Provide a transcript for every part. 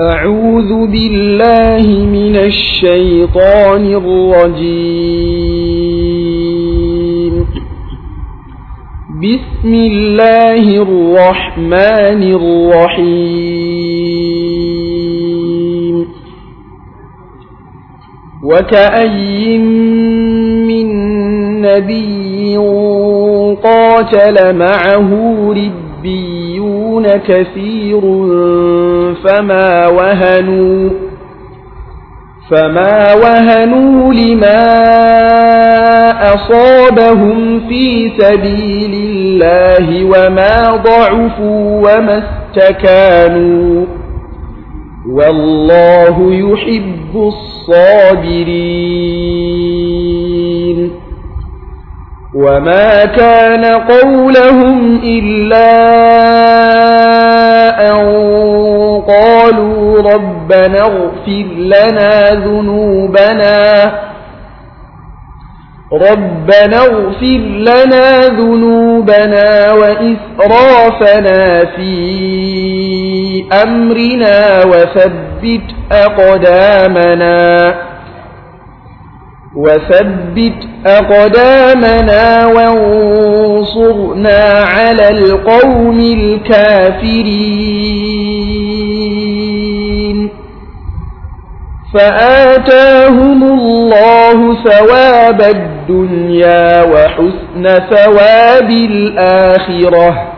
أعوذ بالله من الشيطان الرجيم بسم الله الرحمن الرحيم وكأي من نبي قاتل معه رد ربيون كثير فما وهنوا فما وهنوا لما أصابهم في سبيل الله وما ضعفوا وما استكانوا والله يحب الصابرين وما كان قولهم إلا أن قالوا ربنا اغفر لنا ذنوبنا ربنا اغفر لنا ذنوبنا وإسرافنا في أمرنا وثبت أقدامنا وثبت أقدامنا وانصرنا على القوم الكافرين فآتاهم الله ثواب الدنيا وحسن ثواب الآخرة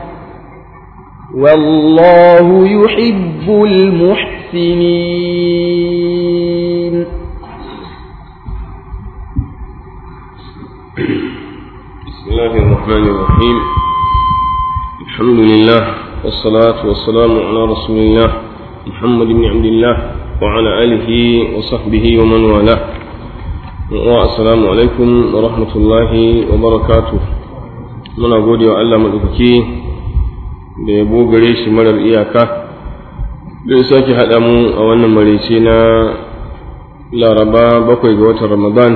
والله يحب المحسنين الرحمن الرحيم الحمد لله والصلاة والسلام على رسول الله محمد بن عبد الله وعلى آله وصحبه ومن والاه والسلام عليكم ورحمة الله وبركاته من أقول يا الله مدفكي بيبو قريش مرر إياكا بيساكي هدامو أولنا مريشينا لا ربا بقي قوة رمضان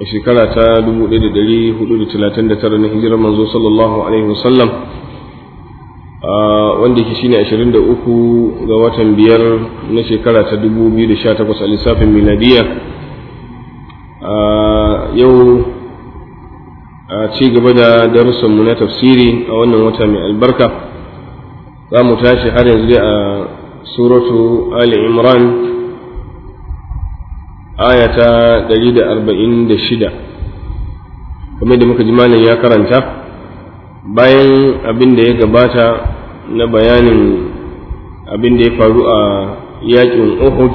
a shekara ta 1439 na hijirar manzo sallallahu alaihi wasallam wanda ke shine 23 ga watan biyar na shekara ta 2018 a lissafin miladiya yau a ci gaba da darussanmu na tafsiri a wannan wata mai albarka za mu tashi har yanzu a suratu ali imran aya ta da arba'in da shida, da muka ji malam ya karanta bayan abin da ya gabata na bayanin abin da ya faru a yakin Uhud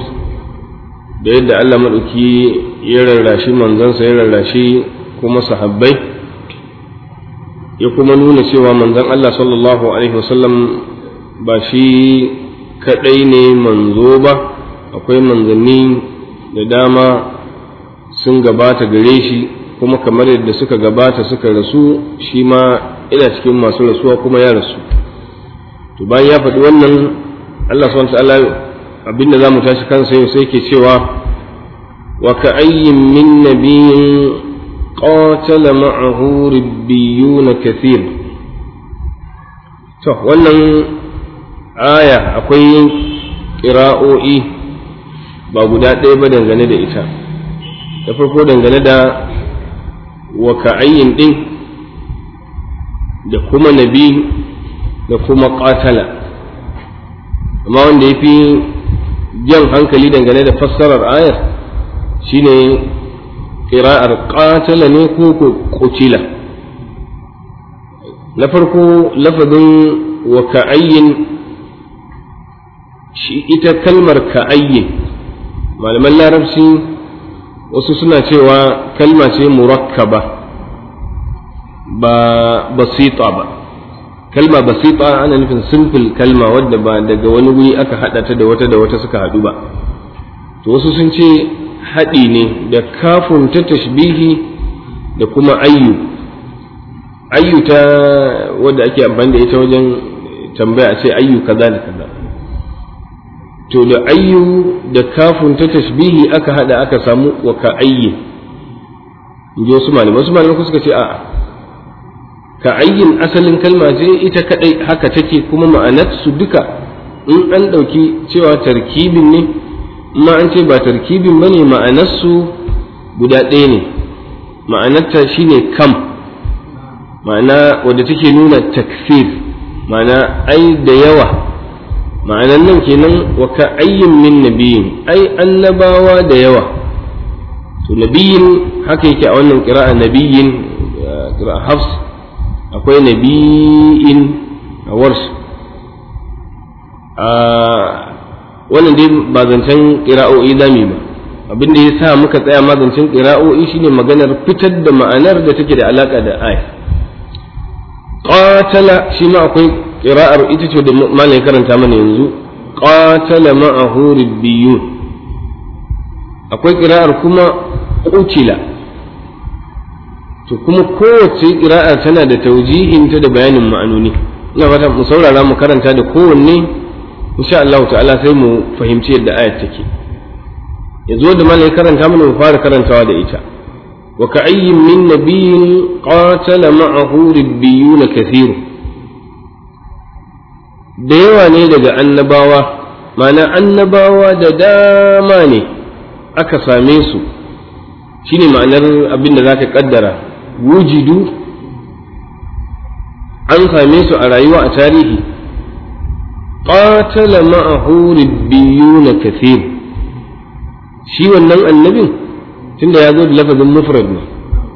da yadda Allah maɗauki ya rarrashi manzansa ya rarrashi kuma sahabbai ya kuma nuna cewa manzan Allah sallallahu alaihi wasallam ba shi kaɗai ne manzo ba akwai manzanni da dama sun gabata gare shi kuma kamar yadda suka gabata suka rasu shi ma ina cikin masu rasuwa kuma ya rasu to bayan ya faɗi wannan Allah swt ta'ala abinda mu tashi kansa yau sai ke cewa wa ayyin min nabiyyin qatala ma'ahu ribbiyun kathir to wannan aya akwai ƙira'o'i ba guda ɗaya ba dangane da ita ta farko dangane da waka'ayyin ɗin da kuma nabi da kuma ƙatala amma wanda ya fi jan hankali dangane da fassarar ayar shine ƙira'ar ƙatala ne ko ƙucila na farko lafazin waka'ayyin shi ita kalmar ka'ayyin malaman larabci wasu suna cewa kalma ce murakkaba ba basita ba kalma basita ana nufin simple kalma wadda ba daga wani wuri aka haɗa ta da wata da wata suka haɗu ba to wasu sun ce haɗi ne da kafin ta tashbihi da kuma ayyu ayyu ta wadda ake amfani da ita wajen tambaya a ce ayyu kaza da kaza to da ayyu da kafun ta tashbihi aka hada aka samu wa ka ayyi in wasu malamai wasu malamai suka ce a'a ka ayyin asalin kalma ce ita kadai haka take kuma ma'anar su duka in an dauki cewa tarkibin ne ma an ce ba tarkibin bane ma'anar su guda ɗaya ne ma'anarta shine kam ma'ana wadda take nuna takfir ma'ana ai da yawa ma'anan nan kenan wa ka ayyin min nabiyin ai annabawa da yawa to nabiyin haka yake a wannan qira'a nabiyin eh, qira'a hafs akwai nabiyin a ah, wannan dai ba zancen qira'o'i zami ba abin da ya sa muka tsaya ma zancen qira'o'i shine maganar fitar da ma'anar da take da alaka da ai qatala shi ma akwai ƙira'ar ita ce da ya karanta mana yanzu qatala ma'ahu ribbiyun akwai ƙira'ar kuma qutila to kuma kowace ƙira'ar tana da ta da bayanin ma'anoni ina fata mu saurara mu karanta da kowanne insha Allah ta'ala sai mu fahimci yadda ayat take yanzu da ya karanta mana mu fara karantawa da ita ka'ayyin min nabiyyin qatala ma'ahu ربيون كثير da yawa ne daga annabawa ma'ana annabawa da dama ne aka same su shine ma'anar abin da za ka kaddara wujidu an same su a rayuwa a tarihi qatala ma'ahu na kafin. shi wannan annabin tunda ya zo da lafazin mufrad ne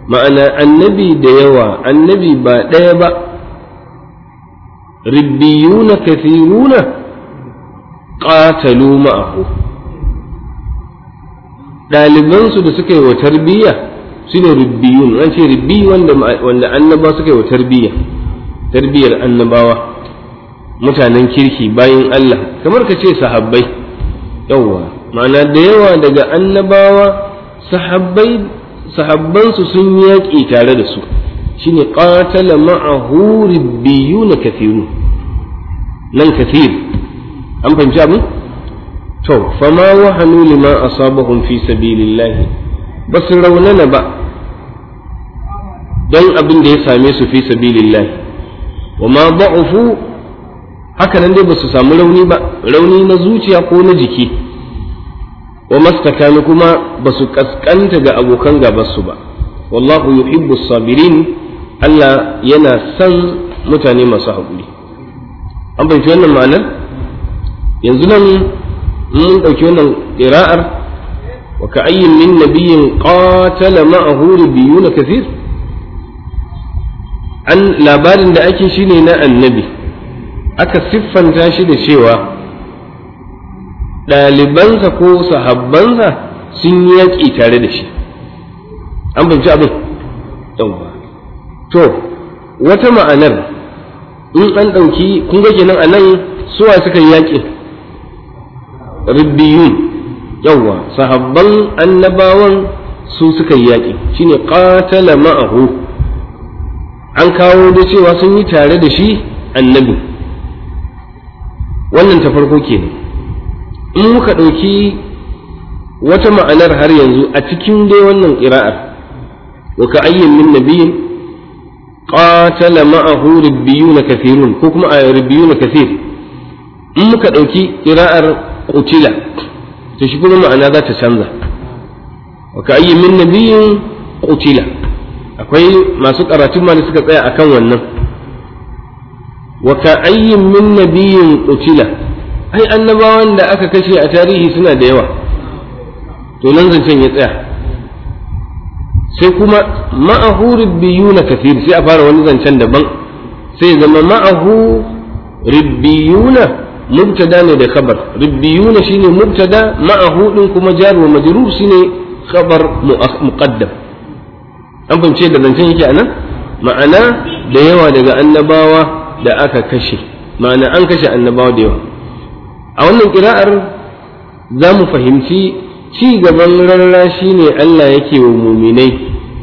ma'ana annabi da yawa annabi ba ɗaya ba ribbiyuna kathiruna qatalu ma'ahu ɗalibansu da suka yi wa tarbiyya shine ribbiyun an ce ribbi wanda wanda annaba suka yi wa tarbiyya Tarbiyyar annabawa mutanen kirki bayin Allah kamar ka ce sahabbai yawwa ma'ana da yawa daga annabawa sahabbai sahabbansu sun yaƙi tare da su shine qatala ma'ahu na kathirun nan kathir an fahimci abin to fama wahanu lima asabahum fi sabilillahi ba su raunana ba don abin da ya same su fi sabilillahi wa ma ba'ufu haka nan dai ba su samu rauni ba rauni na zuciya ko na jiki wa mastakanu kuma ba su kaskanta ga abokan gabansu ba wallahu yuhibbu sabirin Allah yana son mutane masu haƙuri an fahimci wannan ma'anar yanzu nan mun ɗauki wannan ƙira'ar wa ka ayyin min nabiyin qatala ma'ahu rubiyun kathir an labarin da ake ne na annabi aka siffanta shi da cewa ɗalibansa ko sahabbansa sun yaƙi tare da shi an fahimci abin yawwa to wata ma'anar in an ɗauki kun ga kenan a nan suwa suka yi yaƙi ribbiyun yawwa sahabban annabawan su suka yi yaƙi shine qatala ma'ahu an kawo da cewa sun yi tare da shi annabi wannan ta farko kenan in muka ɗauki wata ma'anar har yanzu a cikin dai wannan ƙira'ar wa ka ayyin min nabiyin qatala ma'ahu ribbiyuna kathirun ko kuma a ribbiyuna kathir in muka dauki qira'ar qutila to shi kuma ma'ana za ta canza wa ka min nabiyyin akwai masu karatun ma suka tsaya akan wannan wa ka ayyi min nabiyyin ai annabawan da aka kashe a tarihi suna da yawa to nan zancen ya tsaya sai kuma ma'ahu ribbiyuna kathir sai a fara wani zancen daban sai zama ma'ahu ribbiyuna mubtada ne da khabar ribbiyuna shine mubtada ma'ahu din kuma jar wa majrur shine khabar muqaddam an fahimce da zancen yake anan ma'ana da yawa daga annabawa da aka kashe ma'ana an kashe annabawa da yawa a wannan kira'ar za mu fahimci ci gaban rarra ne Allah yake wa muminai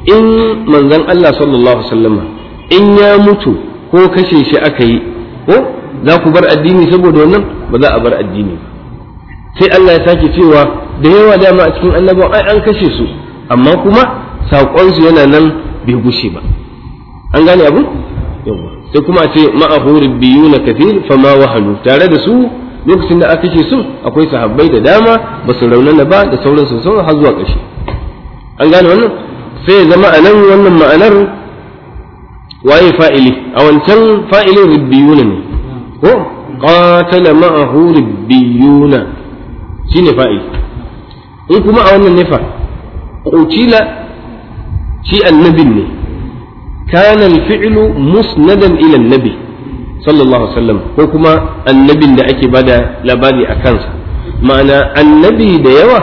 in manzon Allah sallallahu alaihi in ya mutu ko kashe shi aka yi ko za ku bar addini saboda wannan ba za a bar addini sai Allah ya sake cewa da yawa dama a cikin annabawa ai an kashe su amma kuma saƙonsu yana nan bai gushe ba an gane abu sai kuma a ce ma'ahu rabbiyuna kathir fama wahalu tare da su lokacin da aka ce su akwai sahabbai da dama ba su raunana ba da sauran su sauran har zuwa ƙarshe an gane wannan sai ya zama anan wannan ma'anar waye fa'ili a wancan fa'ilin ribbiyuna ne ko qatala ma'ahu ribbiyuna shine fa'ili in kuma a wannan ne fa qutila shi annabin ne kana al-fi'lu musnadan ila an-nabi sallallahu alaihi wasallam ko kuma annabin da ake bada labari a kansa ma'ana annabi da yawa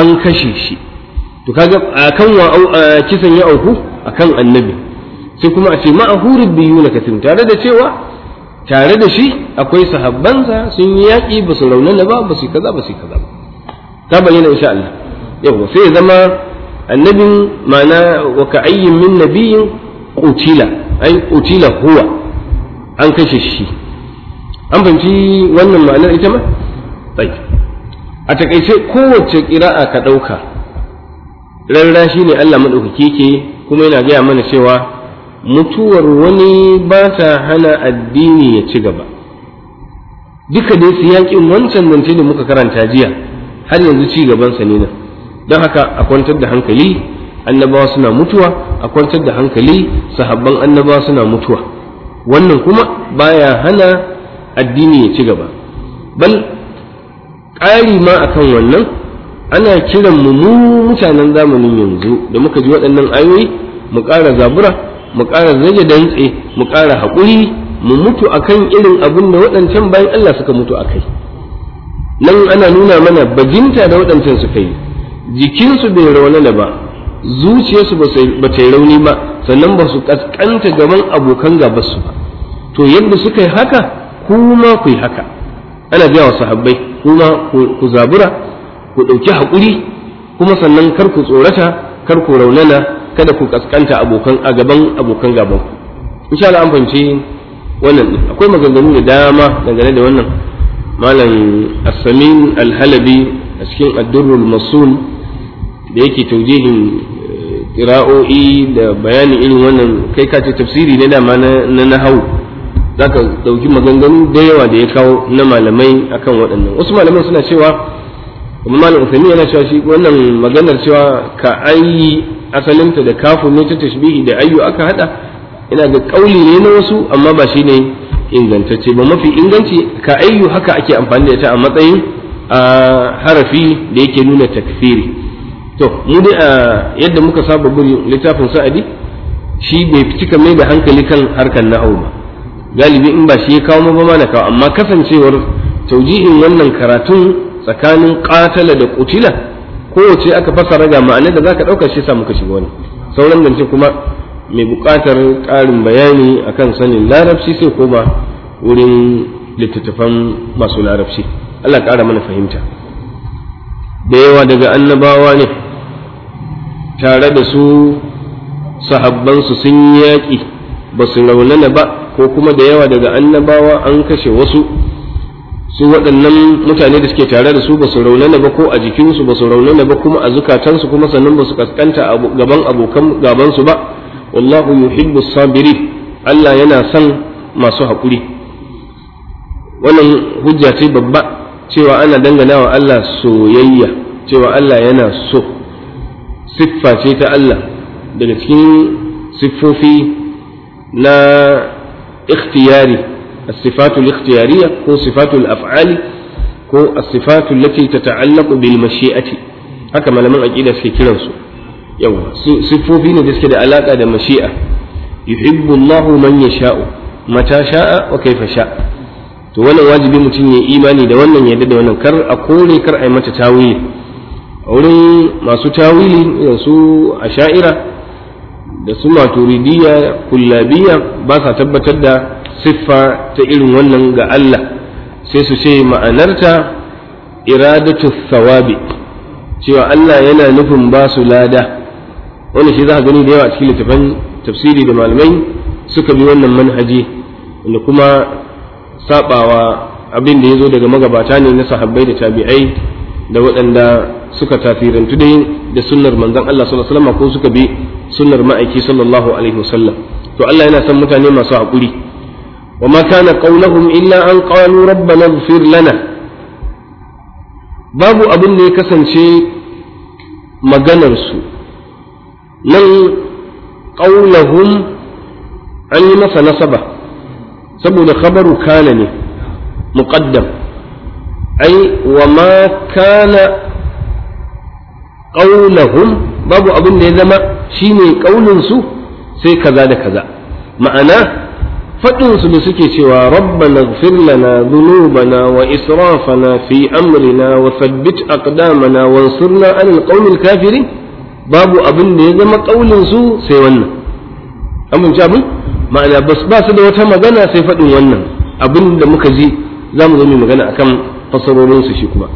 an kashe shi to kaga akan wa kisan ya auku kan annabi sai kuma a ce biyu na kathir tare da cewa tare da shi akwai sahabbansa sun yi yaƙi ba su raunana ba ba su kaza ba su kaza ba ta bayyana insha Allah yau sai ya zama annabin ma'ana wa ka'ayyin min nabiyyin qutila ay qutila huwa an kashe shi an fahimci wannan ma'anar ita ma a takaice kowace ƙira'a ka ɗauka rarra shi ne Allah maɗaukaki ke kuma yana gaya mana cewa mutuwar wani ba ta hana addini ya ci gaba duka dai su yaƙi wancan zance da muka karanta jiya har yanzu ci gabansa ne nan don haka a kwantar da hankali annabawa suna mutuwa a kwantar da hankali sahabban annabawa suna mutuwa wannan kuma baya hana addini ya ci gaba bal ƙari ma akan wannan ana kiran mu mu mutanen zamanin yanzu da muka ji waɗannan ayoyi mu ƙara zabura mu ƙara zage dantse mu ƙara haƙuri mu mutu akan irin abin da waɗancan bayan Allah suka mutu akai nan ana nuna mana bajinta da waɗancan suka yi jikinsu bai raunana ba zuciyarsu ba ta yi rauni ba sannan ba su kaskanta gaban abokan gabasu ba to yadda suka yi haka kuma ku yi haka ana biya wa sahabbai kuma ku zabura ku ɗauki haƙuri kuma sannan kar ku tsorata kar ku raunana kada ku kaskanta abokan a gaban abokan gaban in sha Allah an fahimci wannan akwai maganganu da dama dangane da wannan malam asamin alhalabi a cikin addurrul masul da yake taujihin ƙira'o'i eh, da bayanin irin wannan kai ka ce tafsiri ne dama na nahau za ka ɗauki maganganu da yawa da ya kawo na malamai akan waɗannan wasu malaman suna cewa kuma malam usaimi yana cewa shi wannan maganar cewa ka ayi asalinta da kafin ne ta tashbihi da ayyu aka haɗa ina ga ƙauli ne na wasu amma ba shi ne ingantacce ba mafi inganci ka ayyu haka ake amfani da ita a matsayin a harafi da yake nuna takfiri to mu dai a yadda muka saba bin littafin sa'adi shi bai fi cika mai da hankali kan harkar na'au ba galibi in ba shi ya kawo ba na kawo amma kasancewar taujihin wannan karatun tsakanin katala da kutila kowace aka fasa raga ma'anar da zaka ɗauka shi sa muka shiga wani sauran zance kuma mai buƙatar ƙarin bayani akan sanin larabci sai koma wurin littattafan masu larabci Allah ƙara mana fahimta da yawa daga annabawa ne tare da su sahabbansu sun yaƙi ba su raunana ba ko kuma da yawa daga annabawa an kashe wasu su waɗannan mutane da suke tare da su ba su raunana ba ko a jikinsu ba su raunana ba kuma a zukatansu kuma sannan ba su kaskanta gaban abokan gabansu ba wallahu yuhibbu sabiri Allah yana son masu haƙuri wannan hujja ce babba cewa ana danganawa Allah soyayya cewa Allah yana so siffa ce ta Allah daga cikin siffofi na ikhtiyari as-sifatul ikhtiyariya ko sifatul af'ali ko as-sifatu allati tata'allaqu bil mashi'ati haka malaman aqida suke kiransu yawa siffofi ne da suke da alaka da mashi'a yuhibbu Allahu man yasha'u mata sha'a wa kaifa sha'a to wannan wajibi mutum ya imani da wannan yadda da wannan kar a kore kar a yi mata tawili a wurin masu tawili da su asha'ira da su maturidiyya kullabiyya ba sa tabbatar da siffa ta irin wannan ga Allah sai su ce ma'anarta iradatu thawabi cewa Allah yana nufin ba su lada wannan shi za ka gani da yawa a cikin littafan tafsiri da malamai suka bi wannan manhaji wanda kuma sabawa abin da ya zo daga magabata ne na sahabbai da tabi'ai da waɗanda suka tafirantu dai da sunnar manzon Allah sallallahu alaihi wasallam ko suka bi sunnar ma'aiki sallallahu alaihi wasallam to Allah yana san mutane masu haƙuri wa ma kana qawluhum illa an qalu rabbana ighfir lana babu abin da ya kasance maganar su nan qawluhum an yi masa nasaba saboda khabaru kana ne muqaddam ai wa makana kana babu abin da ya zama shine kaulin sai kaza da kaza ma'ana faɗin da suke cewa rabbana ighfir lana dhunubana wa israfana fi amrina wa thabbit aqdamana wansurna 'alal qawmil kafirin babu abin da ya zama kaulin sai wannan amince abin ma'ana ba su da wata magana sai faɗin wannan abin da muka ji za mu zo magana akan fasarorin su shi kuma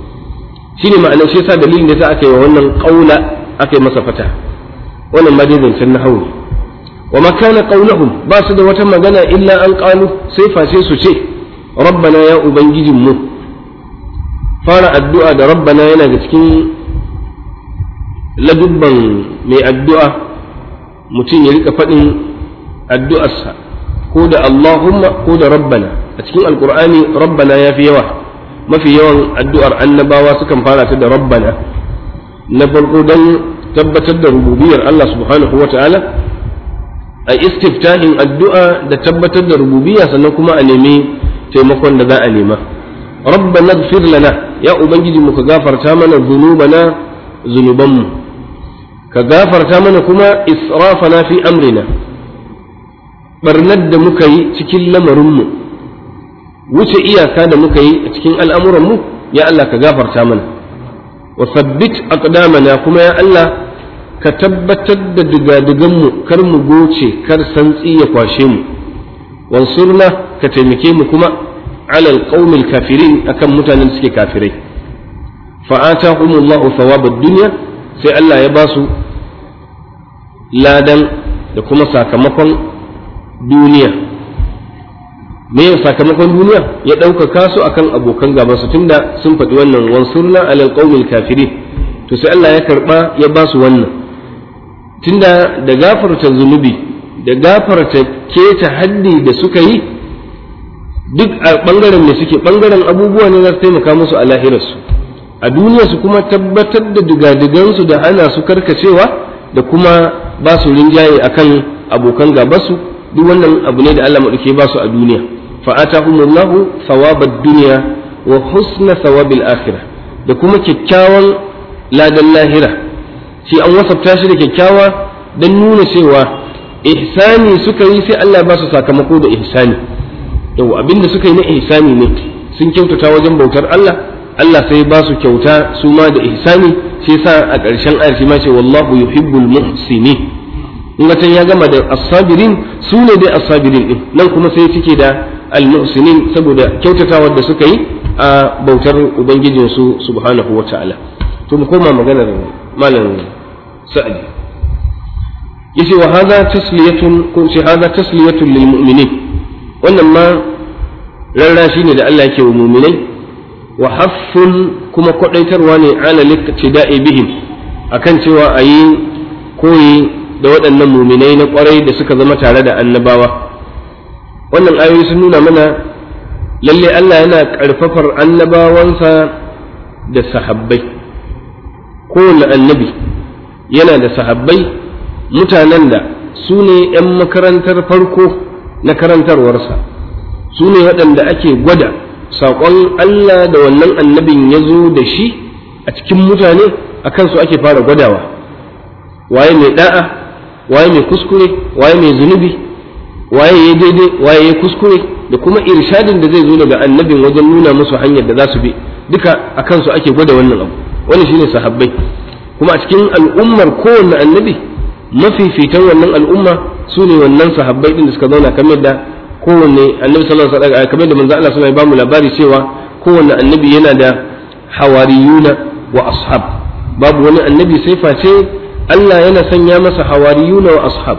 ne ma'anar shi yasa dalilin da za aka yi wa wannan qaula aka yi masa fata wannan ma dai zancen nahawu ne wa ma kana ba su da wata magana illa an qalu sai face su ce rabbana ya ubangijin mu fara addu'a da rabbana yana da cikin ladubban mai addu'a mutum ya rika faɗin addu'arsa ko da Allahumma ko da rabbana a cikin alkur'ani rabbana ya fi yawa mafi yawan addu'ar annabawa sukan fara ta da rabbana na farko don tabbatar da rububiyar Allah subhanahu wa ta'ala a istiftahin addu'a da tabbatar da rububiyya sannan kuma a nemi taimakon da za a nema rabbana ighfir lana ya ubangiji mu ka gafarta mana zunubana zunubanmu ka gafarta mana kuma israfana fi amrina barnar da muka yi cikin lamarinmu wuce iyaka da muka yi a cikin al'amuran mu ya Allah ka gafarta mana wa sabbit aqdamana kuma ya Allah ka tabbatar da digadigan mu kar mu goce kar santsi ya kwashe mu wansurna ka taimake mu kuma alal qaumil kafirin akan mutanen suke kafirai fa atahumullahu thawabad dunya sai Allah ya ba su ladan da kuma sakamakon duniya me sakamakon duniya ya ɗaukaka su akan abokan su tunda sun faɗi wannan wansurna alal qaumil kafirin to sai Allah ya karɓa ya ba su wannan tunda da gafarta zunubi da gafarta keta haddi da suka yi duk a ɓangaren ne suke bangaren abubuwa ne za su taimaka musu a lahirarsu a duniya su kuma tabbatar da digadigansu da ana su karkacewa da kuma ba su rinjaye akan abokan gabasu duk wannan abu ne da Allah maɗauke ba su a duniya fa'atahumullahu thawabad duniya wa husna thawabil akhirah da kuma kyakkyawan ladan lahira shi an wasafta shi da kyakkyawa don nuna cewa ihsani suka yi sai Allah ba su sakamako da ihsani yau abinda suka yi na ihsani ne sun kyautata wajen bautar Allah Allah sai ba su kyauta su ma da ihsani sai sa a ƙarshen ayar shi ma ce wallahu yuhibbul muhsini in ya gama da asabirin su ne dai asabirin din nan kuma sai suke da al-muhsinin saboda kyautatawar da suka yi a bautar ubangijin su subhanahu wa ta'ala to mu koma maganar malam sa'adi yace wa hadha tasliyatun kun ce hadha tasliyatun lil mu'minin wannan ma shi ne da Allah yake wa mu'minai wa haffun kuma kwadaitarwa ne ala liqtida'i bihim akan cewa ayi koyi da waɗannan muminai na kwarai da suka zama tare da annabawa wannan ayoyi sun nuna mana lalle Allah yana ƙarfafar annabawansa da sahabbai kowane annabi yana da sahabbai mutanen da su ne 'yan makarantar farko na karantarwarsa su ne waɗanda ake gwada saƙon Allah da wannan annabin ya zo da shi a cikin mutane a kansu ake fara gwadawa waye mai ɗa'a waye mai kuskure waye mai zunubi waye ya daidai waye ya kuskure da kuma irshadin da zai zo daga annabin wajen nuna musu hanyar da za su bi duka a kansu ake gwada wannan abu Wani shine sahabbai kuma a cikin al'ummar kowanne annabi fitan wannan al'umma su ne wannan sahabbai din da suka zauna kamar da kowanne annabi sallallahu alaihi wasallam kamar da manzo Allah sallallahu alaihi wasallam ya labari cewa kowanne annabi yana da hawariyuna wa ashab babu wani annabi sai face Allah yana sanya masa hawariyuna wa ashab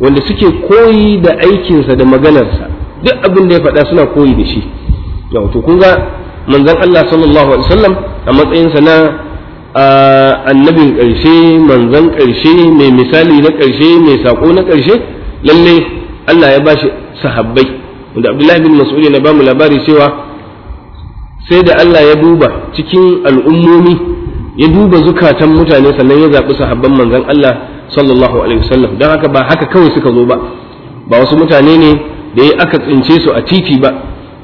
wanda suke koyi da aikinsa da maganarsa duk abin da ya faɗa suna koyi da shi yau to kun ga manzon Allah sallallahu alaihi wasallam a matsayinsa na annabin ƙarshe manzon ƙarshe mai misali na ƙarshe mai saƙo na ƙarshe lalle Allah ya bashi sahabbai wanda Abdullahi bin Mas'ud na bamu labari cewa sai da Allah ya duba cikin al'ummomi ya duba zukatan mutane sannan ya zaɓi sahabban manzon Allah sallallahu alaihi wasallam dan haka ba haka kawai suka zo ba ba wasu mutane ne da ya aka tsince su a titi ba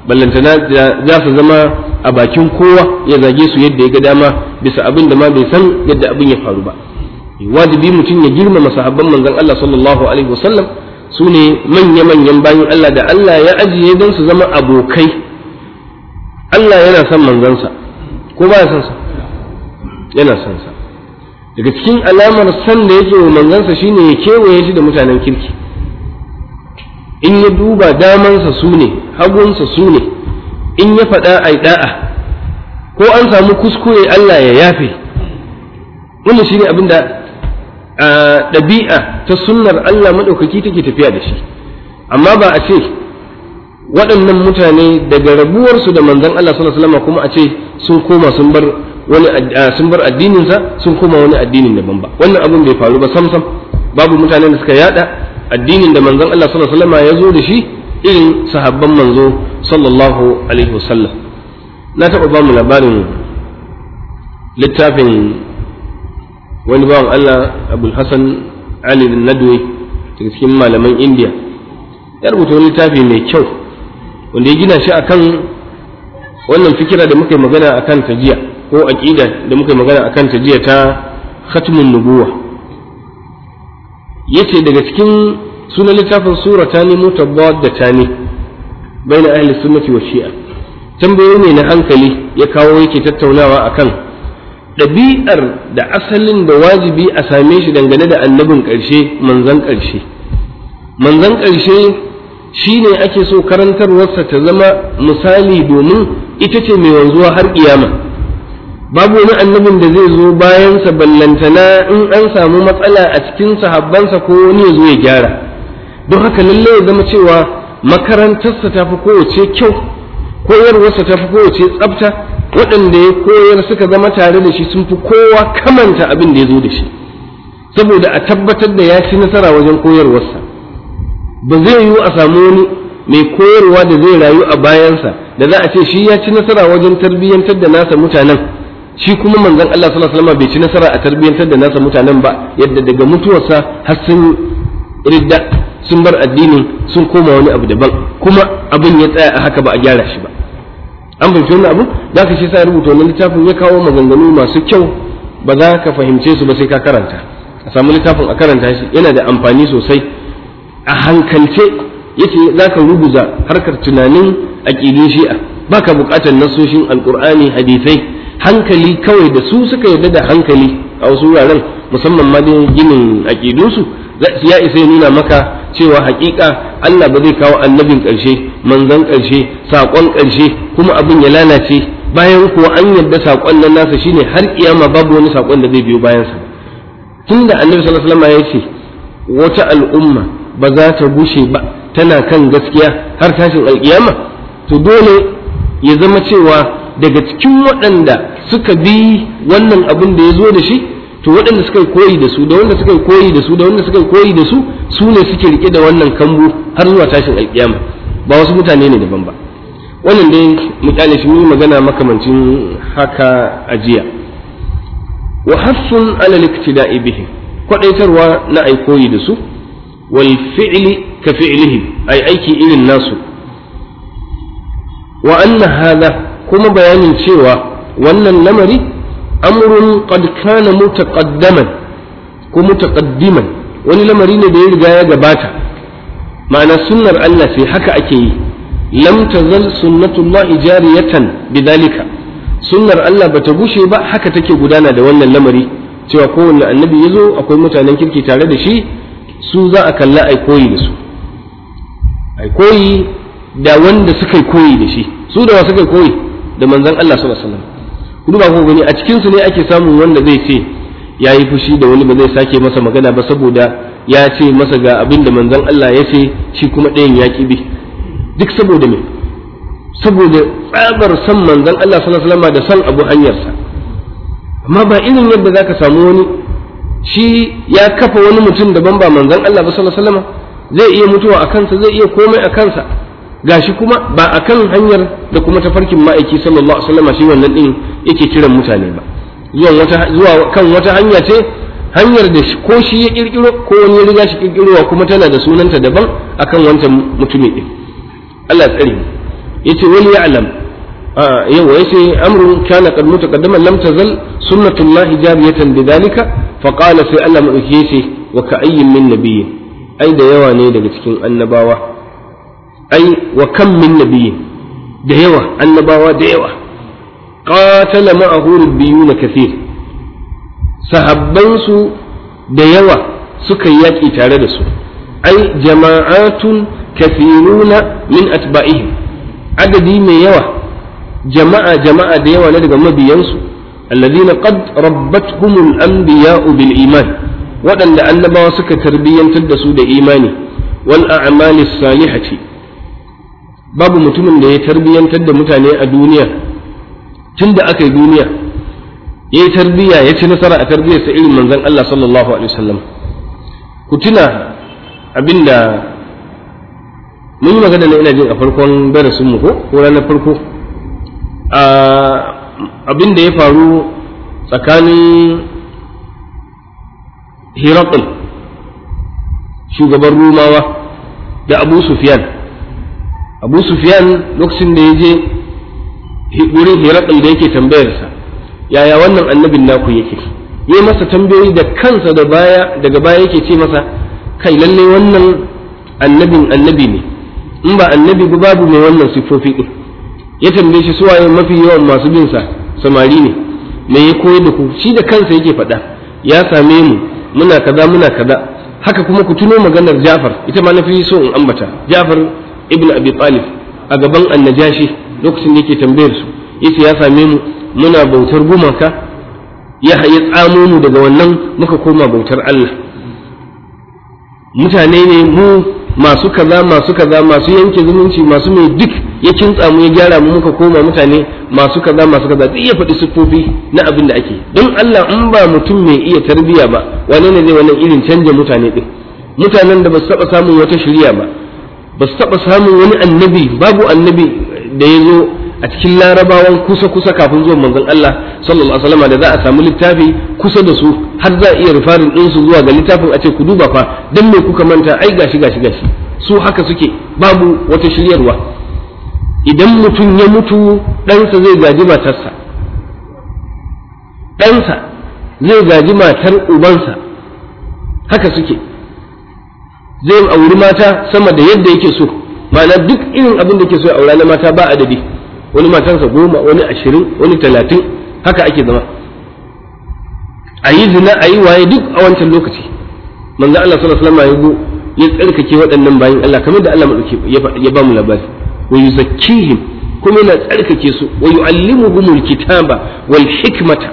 ballantana za su zama a bakin kowa ya zage su yadda ya ga dama bisa abin da ma bai san yadda abin ya faru ba wajibi mutum ya girmama sahabban manzon Allah sallallahu alaihi wasallam su ne manya manyan bayin Allah da Allah ya ajiye don su zama abokai Allah yana son manzansa ko ba ya son sa yana son sa daga cikin alamar san da yake wa manzansa shine ya kewaye shi da mutanen kirki in ya duba damansa su ne hagunsa su ne in ya faɗa a da'a ko an samu kuskure Allah ya yafe wannan shine abin da ɗabi'a ta sunnar Allah maɗaukaki take tafiya da shi amma ba a ce waɗannan mutane daga rabuwarsu da manzan Allah sallallahu alaihi kuma a ce sun koma sun bar wani ah, sun bar addininsa sun koma wani addinin daban ba wannan abin bai faru ba sam sam babu mutanen da suka yada addinin da manzon Allah sallallahu alaihi wasallam ya zo da shi irin sahabban manzo sallallahu alaihi wasallam na taɓa ba mu labarin littafin wani bawan Allah Abul Hassan Ali Nadwi daga cikin malaman India ya rubuta wani littafi mai kyau wanda ya gina shi akan wannan fikira da muka yi magana akan ta jiya ko aqida da muka yi magana akan ta jiya ta khatmun nubuwa yace daga cikin sunan littafin ta suratani bai da ahli sunnati wa shi'a tambayoyi ne na hankali ya kawo yake tattaunawa akan ɗabi'ar da asalin da wajibi a same shi dangane da annabin ƙarshe manzan ƙarshe manzan ƙarshe shi ne ake so karantarwarsa ta zama misali domin ita ce mai wanzuwa har ƙiyama babu wani annabin da zai zo bayansa ballantana in an samu matsala a cikin sahabbansa ko wani ya zo ya gyara don haka lallai ya zama cewa makarantarsa ta fi kowace kyau koyarwarsa ta fi kowace tsafta waɗanda ya koyar suka zama tare da shi sun fi kowa kamanta abin da ya zo da shi saboda a tabbatar da ya ci nasara wajen koyarwarsa ba zai yiwu a samu wani mai koyarwa da zai rayu a bayansa da za a ce shi ya ci nasara wajen tarbiyyantar da nasa mutanen shi kuma manzon Allah sallallahu alaihi bai ci nasara a tarbiyyantar da nasa mutanen ba yadda daga mutuwarsa har sun ridda sun bar addini sun koma wani abu daban kuma abin ya tsaya a haka ba a gyara shi ba an fahimci wannan abu za ka shi sa rubuta wannan littafin ya kawo maganganu masu kyau ba za ka fahimce su ba sai ka karanta a samu littafin a karanta shi yana da amfani sosai a hankalce yace za ka ruguza harkar tunanin aƙidin shi'a baka buƙatar nasoshin alƙur'ani hadisai hankali kawai da su suka yarda da hankali a wasu wuraren musamman ma dai ginin aƙidunsu ya isa ya nuna maka cewa hakika Allah ba zai kawo annabin ƙarshe manzon ƙarshe saƙon ƙarshe kuma abin ya lalace bayan kuwa an yarda saƙon nan nasa shine har kiyama babu wani saƙon da zai biyo bayansa tunda annabi sallallahu alaihi wasallam ya ce wata al'umma ba za ta gushe ba tana kan gaskiya har tashin alkiyama to dole ya zama cewa daga cikin waɗanda suka bi wannan abin da ya zo da shi to waɗanda suka koyi da su da wanda suka koyi da su da wanda suka koyi da su su ne suke rike da wannan kambu har zuwa tashin alkiyama ba wasu mutane ne daban ba wannan dai mutane shi yi magana makamancin haka a jiya wa hasun ala liktida'i bihi, kwadaitarwa na ai koyi da su wal fi'li ka fi'lihi ai aiki irin nasu wa anna hadha kuma bayanin cewa wannan lamari amurun qad kana mutaqaddaman ko mutaqaddiman wani lamari ne da ya riga ya gabata ma'ana sunnar Allah sai haka ake yi lam tazal sunnatullahi jariyatan bidalika sunnar Allah bata gushe ba haka take gudana da wannan lamari cewa kowanne annabi ya zo akwai mutanen kirki tare da shi su za a kalla ai koyi da su ai koyi da wanda suka koyi da shi su da wa suka koyi da manzon Allah sallallahu alaihi wasallam kudu ba ku gani a cikin su ne ake samun wanda zai ce ya yi fushi da wani ba zai sake masa magana ba saboda ya ce masa ga abin da manzon Allah ya ce shi kuma ɗayan ya ƙi bi duk saboda me saboda tsabar san manzon Allah sallallahu alaihi wasallam da san abu hanyarsa amma ba irin yadda zaka samu wani shi ya kafa wani mutum daban ba manzon Allah sallallahu alaihi wasallam zai iya mutuwa a kansa zai iya komai a kansa gashi kuma ba a kan hanyar da kuma tafarkin ma'aiki sallallahu alaihi wasallam shi wannan din yake kiran mutane ba zuwa wata zuwa kan wata hanya ce hanyar da ko shi ya kirkiro ko wani ya riga shi kirkirowa kuma tana da sunanta daban akan wancan mutumi din Allah tsare mu yace wal ya'lam yawa yace amru kana qad mutaqaddama lam tazal sunnatullahi jariyatan bidhalika fa qala sai Allah mu yace wa ka ayyin min nabiyyin ai da yawa ne daga cikin annabawa أي وكم من نبي دعوة النبوة دعوة قاتل معه ربيون كثير سهبنسوا دعوة سكيات إتاردسو أي جماعات كثيرون من أتباعهم عدد من يوى جماعة جماعة ديوى لدغا ما بينسوا الذين قد ربتهم الأنبياء بالإيمان ودن لأن ما سك تربيا تدسوا بإيمانه والأعمال الصالحة babu mutumin da ya tarbiyantar da mutane a duniya tun da aka yi duniya ya yi tarbiya ya ci nasara a tarbiyyarsa irin manzan Allah sallallahu alaihi wasallam ku tuna abinda mun yi magana ne ina jin a farkon darasin mu ko ko ranar farko abin da ya faru tsakanin hirakul shugaban rumawa da abu sufiyan abu sufyan lokacin da ya je wurin hirakul da yake tambayarsa yaya wannan annabin naku yake yi masa tambayoyi da kansa da baya daga baya yake ce masa kai lalle wannan annabin annabi ne in ba annabi ba babu mai wannan siffofi ɗin. ya tambaye shi suwaye mafi yawan masu bin sa samari ne me ya koyar da ku shi da kansa yake faɗa ya same mu muna kaza muna kaza haka kuma ku tuno maganar Jafar ita ma na fi so in ambata Jafar ibn abi talib a gaban annajashi lokacin yake tambayar su yace ya same mu muna bautar gumaka ya ya tsamo mu daga wannan muka koma bautar Allah mutane ne mu masu kaza masu kaza masu yanke zumunci masu mai duk ya kintsa mu ya gyara mu muka koma mutane masu kaza masu kaza duk ya faɗi siffofi na abin da ake don Allah in ba mutum mai iya tarbiya ba wane ne zai wannan irin canja mutane din mutanen da ba su taɓa samun wata shirya ba ba su taɓa samun wani annabi babu annabi da ya zo a cikin larabawan kusa-kusa kafin zuwan manzon Allah sallallahu alaihi wasallam da za a samu littafi kusa da su har za a iya rufarin ɗinsu zuwa ga littafin a ce ku duba fa dan me kuka manta ai gashi gashi gashi su haka suke babu wata shiryarwa idan mutum ya mutu ɗansa zai gaji matarsa ɗansa zai gaji matar ubansa haka suke zai auri mata sama da yadda yake so ma'ana duk irin abin da yake so aura na mata ba adadi wani matansa goma wani ashirin wani talatin haka ake zama a yi zina a yi waye duk a wancan lokaci manzo Allah sallallahu alaihi wasallam ya tsarkake waɗannan bayin Allah kamar da Allah madauke ya ba mu labari wa yuzakkihim kuma yana tsarkake su wa yu'allimuhumul kitaba wal hikmata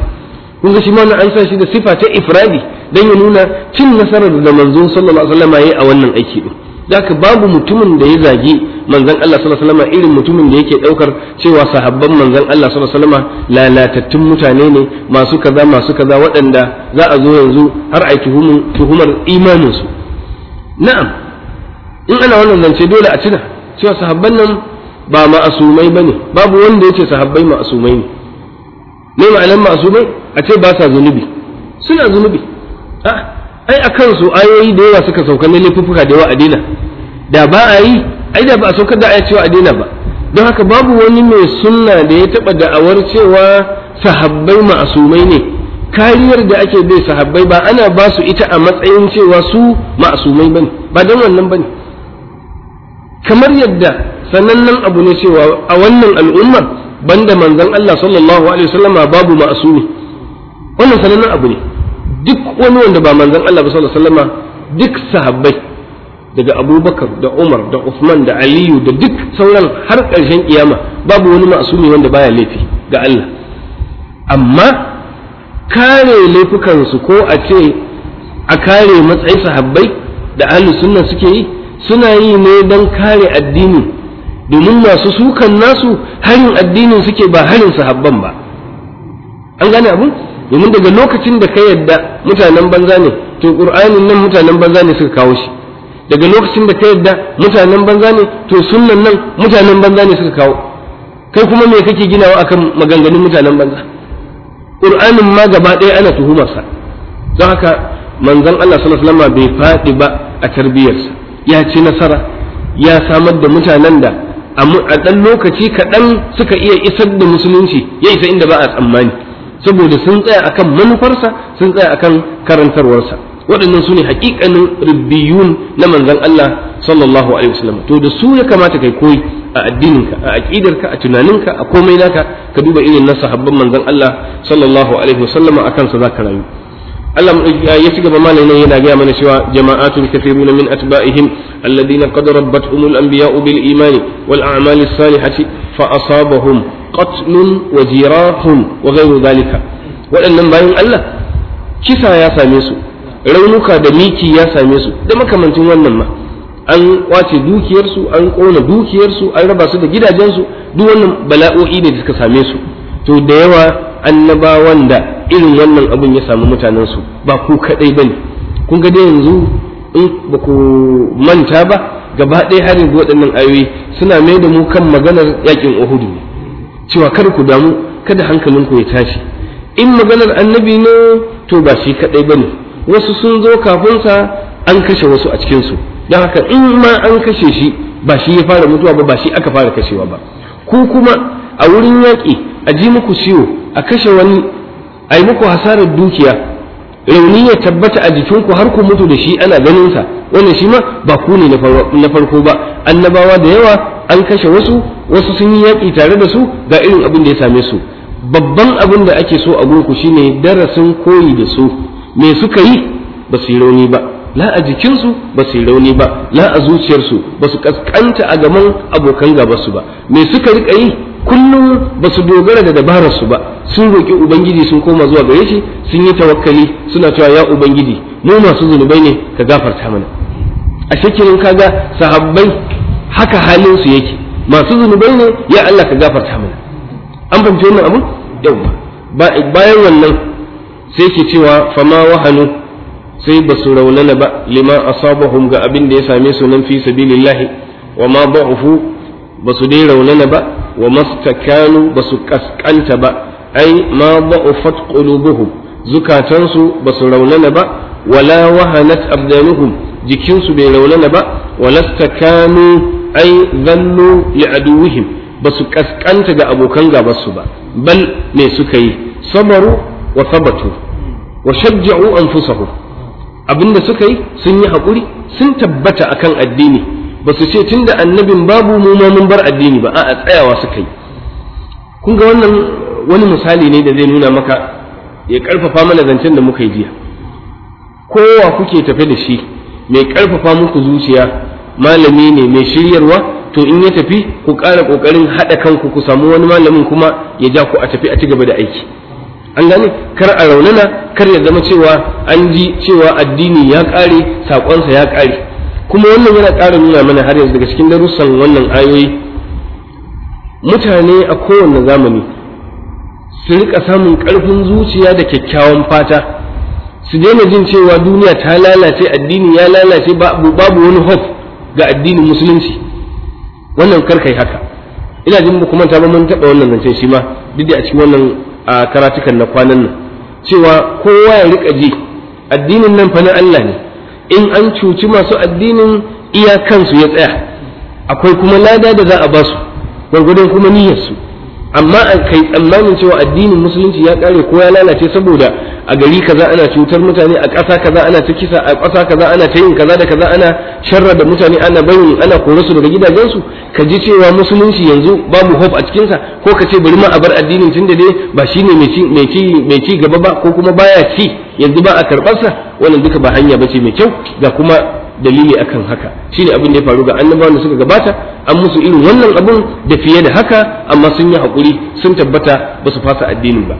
kun ga shi ma an sa shi da sifa ta ifradi Don ya nuna cin nasarar da manzo sallallahu alaihi wasallam yayi a wannan aiki din zaka babu mutumin da ya zagi manzon Allah sallallahu alaihi wasallam irin mutumin da yake daukar cewa sahabban manzon Allah sallallahu alaihi wasallam lalatattun mutane ne masu kaza masu kaza waɗanda za a zo yanzu har a tuhumar imanin su na'am in ana wannan zance dole a tuna cewa sahabban nan ba ma'asumai bane babu wanda yace sahabbai ma'asumai ne ne ma'alan ma'asumai a ce ba sa zunubi suna zunubi ai a kansu ayoyi da yawa suka sauka na laifuffuka da yawa a da ba a yi ai da ba a saukar da aya cewa a ba don haka babu wani mai sunna da ya taba da'awar cewa sahabbai ma'asumai ne kariyar da ake bai sahabbai ba ana ba su ita a matsayin cewa su ma'asumai bane ba don wannan bane kamar yadda sanannen abu ne cewa a wannan al'ummar banda manzon Allah sallallahu alaihi wasallama babu ma'asumi wannan sanannen abu ne duk wani wanda ba manzon Allah ba sallallahu alaihi wasallama duk sahabbai daga abubakar da umar da Uthman da aliyu da duk sauran har ƙarshen kiyama babu wani masumi wanda baya laifi ga Allah amma kare laifukansu ko a ce a kare matsayin sahabbai da ahlus sunna suke yi suna yi ne don kare addini domin masu sukan nasu harin addinin suke ba harin sahabban ba an gane abun domin daga lokacin da ka yadda mutanen banza ne to qur'anin nan mutanen banza ne suka kawo shi daga lokacin da ka yadda mutanen banza ne to sunnan nan mutanen banza ne suka kawo kai kuma me kake ginawa akan maganganun mutanen banza qur'anin ma gaba ɗaya ana tuhumarsa don haka manzon Allah sallallahu alaihi wasallam bai faɗi ba a tarbiyarsa ya ci nasara ya samar da mutanen da a ɗan lokaci kaɗan suka iya isar da musulunci ya isa inda ba a tsammani saboda sun tsaya akan manufarsa sun tsaya akan karantarwarsa waɗannan su ne haƙiƙanin na manzan Allah sallallahu alaihi wasallam to da su ya kamata kai koyi a addininka a aqidarka a tunaninka a komai naka ka duba irin na sahabban manzan Allah sallallahu alaihi wasallam akan sa zaka rayu Allah ya ci gaba malai nan yana gaya mana cewa jama'atun kathiruna min atba'ihim alladhina qad umul anbiya'u bil imani wal a'mali salihati fa asabahum قتل wa وغير ذلك waɗannan bayan Allah kisa ya same su raunuka da miki ya same su da makamancin wannan ma an kwace dukiyarsu an ƙona dukiyarsu an raba su da gidajensu duk wannan bala'o'i ne da suka same su to da yawa annabawan da irin wannan abun ya samu mutanensu ba ku kadai ne kun ga da yanzu in ba ku manta ba gaba ɗaya har yanzu waɗannan ayoyi suna mai da mu kan maganar yakin ohudu. ne cewa kada ku damu kada hankalinku ya tashi in maganar annabi ne to ba shi kadai bane wasu sun zo kafinsa an kashe wasu a cikinsu don haka in ma an kashe shi ba shi ya fara mutuwa ba ba shi aka fara kashewa ba ku kuma a wurin yaki a ji muku ciwo a kashe wani a yi muku hasarar dukiya rauni ya tabbata a jikinku har ku mutu da shi ana ganinsa wannan shi ma ba ku ne na farko ba annabawa da yawa an kashe wasu wasu sun yi yaƙi tare da su ga irin abin da ya same su babban abin da ake so a gunku shine darasin koyi da su me suka yi ba su yi rauni ba la a jikinsu ba su yi rauni ba la a zuciyarsu ba su kaskanta a gaban abokan su ba me suka rika yi kullum ba su dogara da dabararsu ba sun roƙi ubangiji sun koma zuwa gare shi sun yi tawakkali suna cewa ya ubangiji mu masu zunubai ne ka gafarta mana a shekarun kaga sahabbai haka halin su yake masu zunubai ne ya Allah ka gafarta mana an fahimci wannan abu yawa bayan wannan sai ke cewa fama wahanu sai ba su raunana ba lima asabahum ga abin da ya same su nan fi sabilillahi wa ma ba'ufu ba su dai raunana ba wa mastakanu ba su kaskanta ba ai ma ba'ufat qulubuhum zukatansu ba su raunana ba wala wahanat abdanuhum jikinsu bai raunana ba wala stakanu ai zallu li aduwihim ba su kaskanta ga abokan gabansu ba bal me suka yi sabaru wa sabatu wa shajja'u anfusahu abinda suka yi sun yi haƙuri sun tabbata akan addini ba su ce tunda annabin babu mu ma mun bar addini ba a tsayawa suka yi kun ga wannan wani misali ne da zai nuna maka ya karfafa mana zancen da muka yi jiya kowa kuke tafe da shi mai karfafa muku zuciya malami ne mai shiryarwa to in ya tafi ku ƙara ƙoƙarin haɗa kanku ku samu wani malamin kuma ya ja ku a tafi a ci gaba da aiki an gane kar a raunana kar ya zama cewa an ji cewa addini ya ƙare saƙonsa ya ƙare kuma wannan yana ƙara nuna mana har yanzu daga cikin darussan wannan ayoyi mutane a kowane zamani su rika samun ƙarfin zuciya da kyakkyawan fata su daina jin cewa duniya ta lalace addini ya lalace babu wani hope ga addinin musulunci wannan kar haka ina jin muku manta ba mun taɓa wannan zancen shi ma duk a cikin wannan karatukan na kwanan nan cewa kowa ya rika ji addinin nan fa na Allah ne in an cuci masu addinin iyakansu ya tsaya akwai kuma lada da za a basu gwargwadon kuma niyyarsu amma an kai tsammanin cewa addinin musulunci ya kare ko ya lalace saboda a gari kaza ana cutar mutane a ƙasa kaza ana ta kisa a ƙasa kaza ana ta yin kaza da kaza ana sharra da mutane ana bayin ana kore su daga gidajensu ka ji cewa musulunci yanzu babu hope a cikin cikinsa ko ka ce bari ma a bar addinin tunda dai ba shine mai ci mai ci mai ci gaba ba ko kuma baya ci yanzu ba a karɓarsa wannan duka ba hanya bace mai kyau ga kuma dalili akan haka shine abin da ya faru ga annabawan da suka gabata an musu irin wannan abun da fiye da haka amma sun yi hakuri sun tabbata ba su fasa addinin ba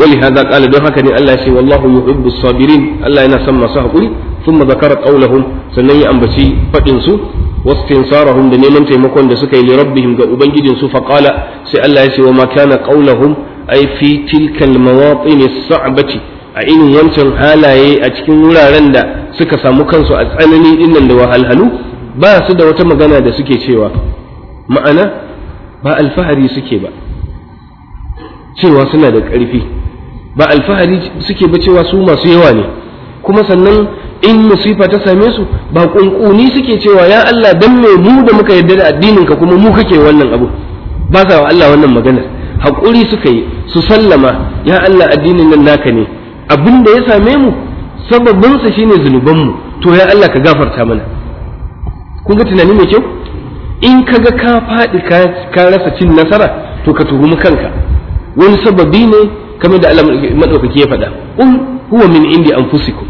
wali hadha qala don haka ne Allah ya ce wallahu yuhibbu sabirin Allah yana son masu hakuri thumma zakara qawlahum sannan ya ambaci fadin su واستنصارهم da neman taimakon da suka yi lirabbihim ga ubangijin su faqala sai Allah ya ce wa ma kana qaulahum ay fi tilka almawatin as-sa'bati a irin wancan halaye a cikin wuraren da suka samu kansu a tsanani dinnan da wahalhalu ba su da wata magana da suke cewa ma'ana ba alfahari suke ba cewa suna da ƙarfi ba alfahari suke ba cewa su masu yawa ne kuma sannan in musifa ta same su ba ƙunƙuni suke cewa ya Allah dan me mu da muka yarda da addininka kuma mu kake wannan abu ba sa wa Allah wannan magana haƙuri suka yi su sallama ya Allah addinin nan naka ne abin da ya same mu sababinsa shine zunubanmu to ya Allah ka gafarta mana kun ga tunani mai kyau in ka ga ka faɗi ka rasa cin nasara to ka tuhumi kanka wani sababi ne kamar da Allah madaukaki ya faɗa ul huwa min indi anfusikum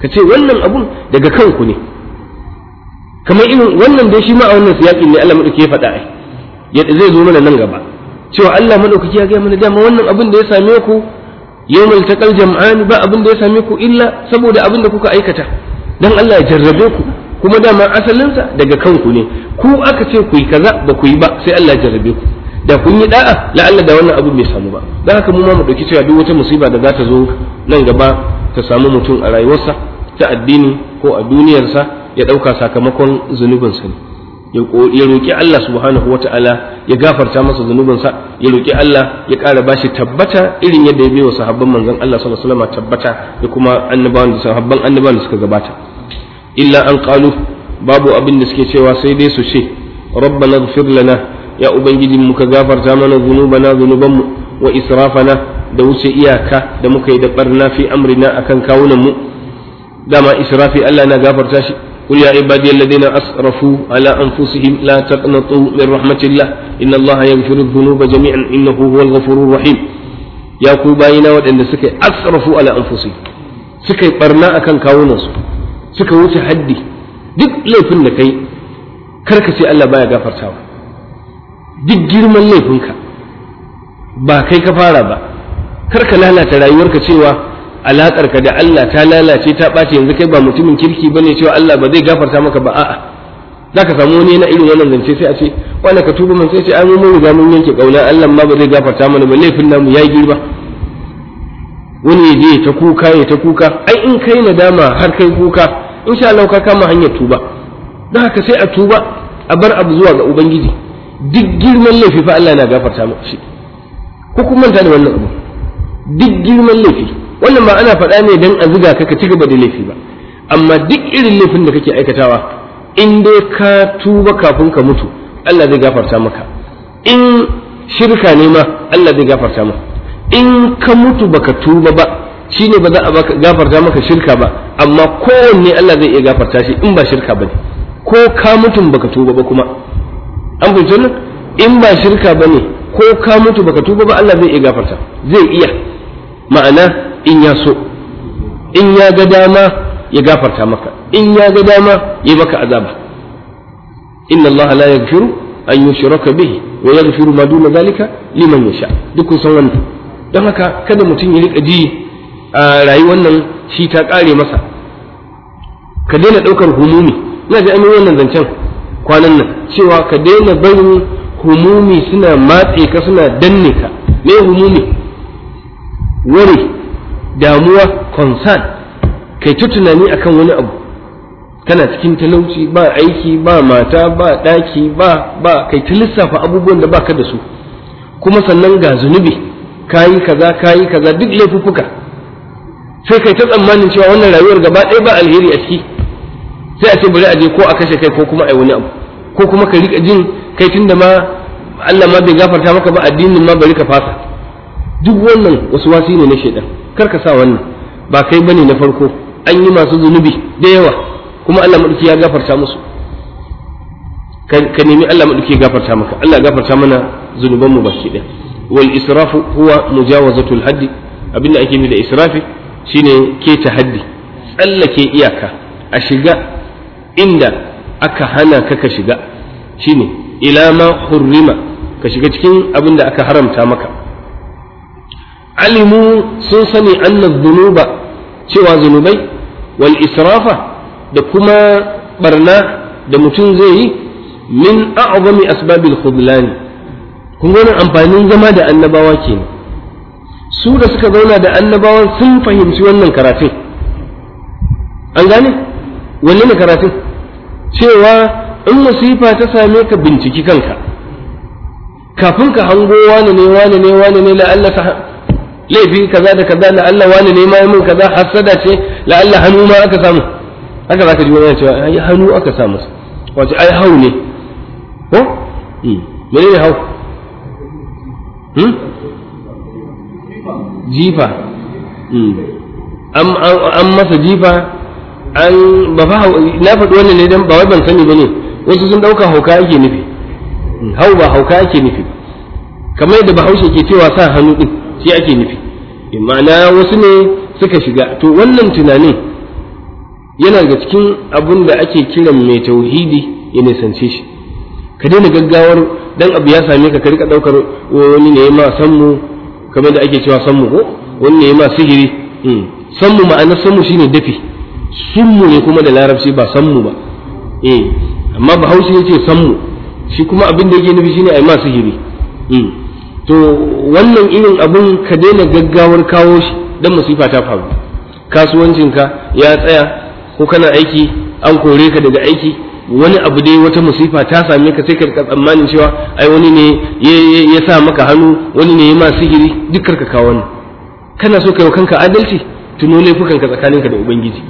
ka ce wannan abun daga kanku ne kamar irin wannan dai shi ma a wannan siyaƙin ne Allah madaukaki ya faɗa ai yadda zai zo mana nan gaba cewa Allah madaukaki ya ga mana dama wannan abun da ya same ku yawmal taqal jam'an ba abun da ya same ku illa saboda abun da kuka aikata dan Allah ya jarrabe ku kuma dama asalinsa daga kanku ne ku aka ce ku yi kaza ba ku yi ba sai Allah jarrabe ku da kun yi da'a la'alla da wannan abu bai samu ba don haka mu ma mu dauki cewa duk wata musiba da za ta zo nan gaba ta samu mutum a rayuwarsa ta addini ko a duniyarsa ya dauka sakamakon zunubinsa ne ya roƙi Allah subhanahu wata'ala ya gafarta masa zunubansa ya roƙi Allah ya ƙara bashi tabbata irin yadda ya bai wa sahabban manzon Allah sallallahu alaihi wasallam tabbata da kuma annabawan da sahabban annabawan da suka gabata illa an qalu babu abin da suke cewa sai dai su ce rabbana ighfir lana ya ubangiji muka gafarta mana zunubana mu wa israfana da wuce iyaka da muka yi da barna fi amrina akan kawunan mu dama israfi Allah na gafarta shi قل يا عبادي الذين أسرفوا على أنفسهم لا تقنطوا من رحمة الله إن الله يغفر الذنوب جميعا إنه هو الغفور الرحيم يا كوباينا ودن سكي أسرفوا على أنفسهم سكي برنا أكن كاونس suka wuce haddi duk laifin da kai karka ce Allah baya gafartawa duk girman laifinka ba kai ka fara ba karka lalata rayuwarka cewa alaƙarka da Allah ta lalace ta ɓace yanzu kai ba mutumin kirki ba ne cewa Allah ba zai gafarta maka ba a'a za ka samu wani yana irin wannan zance sai a ce wani ka tuba man sai ce ai mun riga mun yanke ƙauna Allah ma ba zai gafarta mana ba laifin namu ya girba wani ya je ta kuka ya ta kuka ai in kai nadama har kai kuka sha Allah ka kama hanyar tuba don haka sai a tuba a bar abu zuwa ga ubangiji duk girman laifi fa Allah na gafarta maka shi ko kun manta da wannan abu duk girman laifi wannan ba ana faɗa ne dan a zuga ka ka ci da laifi ba amma duk irin laifin da kake aikatawa in dai ka tuba kafin ka mutu Allah zai gafarta maka in shirka ne ma Allah zai gafarta maka in ka mutu baka tuba ba Shi ne ba za a gafarta maka shirka ba amma kowanne Allah zai iya gafarta shi in ba shirka bane ko ka mutum baka tuba ba kuma an fahimci wannan in ba shirka bane ko ka mutu baka tuba ba Allah zai iya gafarta zai iya ma'ana in ya so in ya ga dama ya gafarta maka in ya ga dama ya maka azaba inna Allah la yaghfiru an yushraka bihi wa yaghfiru ma duna zalika liman yasha duk kun san wannan don haka kada mutum ya rika ji rayuwar nan shi ta kare masa ka daina ɗaukar humumi ina ji an yi wannan zancen kwanan nan cewa ka daina barin humumi suna matse ka suna danne ka me humumi wani damuwa concern kai ta tunani akan wani abu kana cikin talauci ba aiki ba mata ba ɗaki ba ba kai ta lissafa abubuwan da ba ka da su kuma sannan ga zunubi kayi kaza kayi kaza duk laifuffuka sai kai ta tsammanin cewa wannan rayuwar gaba ɗaya ba alheri a ciki sai a ce bari a je ko a kashe kai ko kuma a yi wani abu ko kuma ka riƙa jin kai tunda ma Allah ma bai gafarta maka ba addinin ma bari ka fasa duk wannan wasu wasi ne na shaidan kar ka sa wannan ba kai bane na farko an yi masu zunubi da yawa kuma Allah madauki ya gafarta musu ka nemi Allah madauki ya gafarta maka Allah gafarta mana zunubanmu baki ɗaya wal israfu huwa mujawazatul haddi abinda ake nufi da israfi shine ta haddi tsallake iyaka a shiga inda aka hana ka ka shiga shine ila ma hurrima ka shiga cikin abin da aka haramta maka alimu sun sani annan zunuba cewa zunubai wal israfa da kuma barna da mutum zai yi min a'zami asbabil khudlan kun gani amfanin zama da annabawa kenan su da suka zauna da annabawan sun fahimci wannan karatun an gane wanne ne karatun cewa in masifa ta same ka binciki kanka kafin ka hango wani ne wani ne wani ne la'alla sa laifi kaza da kaza Allah wani ne ma min kaza hasada ce la'alla hannu ma aka samu haka zaka ji wani cewa ai hannu aka samu Wace ai hau ne ko hmm. menene hau hmm jifa hmm. an masa jifa an ba fa na faɗi wannan ne dan ba wai ban sani bane wasu sun ɗauka hauka ake nufi hmm, hau ba hauka ake nufi kamar yadda bahaushe ke cewa sa hannu ɗin shi ake nufi ma'ana wasu ne suka shiga to wannan tunanin yana daga cikin abin da ake kiran mai tauhidi ya nisance shi ka daina gaggawar dan abu ya same ka ka rika ɗaukar wani ne ma san mu kamar da ake cewa sammu ko wanne ya ma sihiri hmm. sammu ma'anar sammu shine dafi sunmu ne kuma da larabci ba sammu ba eh amma bahaushe ce sammu shi kuma abin da yake nufi shine ai ma sihiri hmm. to wannan irin abun ka daina gaggawar kawo shi dan masifa ta faru kasuwancinka ya tsaya ko kana aiki an kore ka daga aiki wani abu dai wata musifa ta same ka sai ka tsammanin cewa ai wani ne ya sa maka hannu wani ne ya ma sihiri duk karka kawo kana so kai wa kanka adalci tuno laifukan ka tsakaninka da ubangiji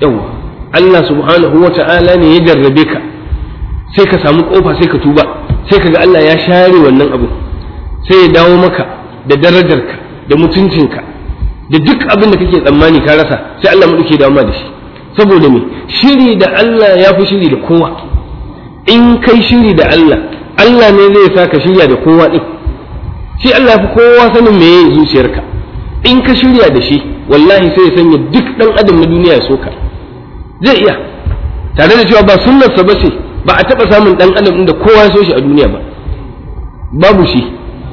yawa Allah subhanahu wa ta'ala ne ya jarrabe ka sai ka samu kofa sai ka tuba sai ka ga Allah ya share wannan abu sai ya dawo maka da darajarka da mutuncinka da duk abin da kake tsammani ka rasa sai Allah mu duke dawo da shi saboda me shiri da Allah ya fi shiri da kowa in kai shiri da Allah Allah ne zai sa ka shirya da kowa din shi Allah ya fi kowa sanin meye zuciyarka in ka shirya da shi wallahi sai ya sanya duk dan adam na duniya ya soka zai iya tare da cewa ba sunnarsa ba ce ba a taɓa samun dan adam inda kowa ya so shi a duniya ba babu shi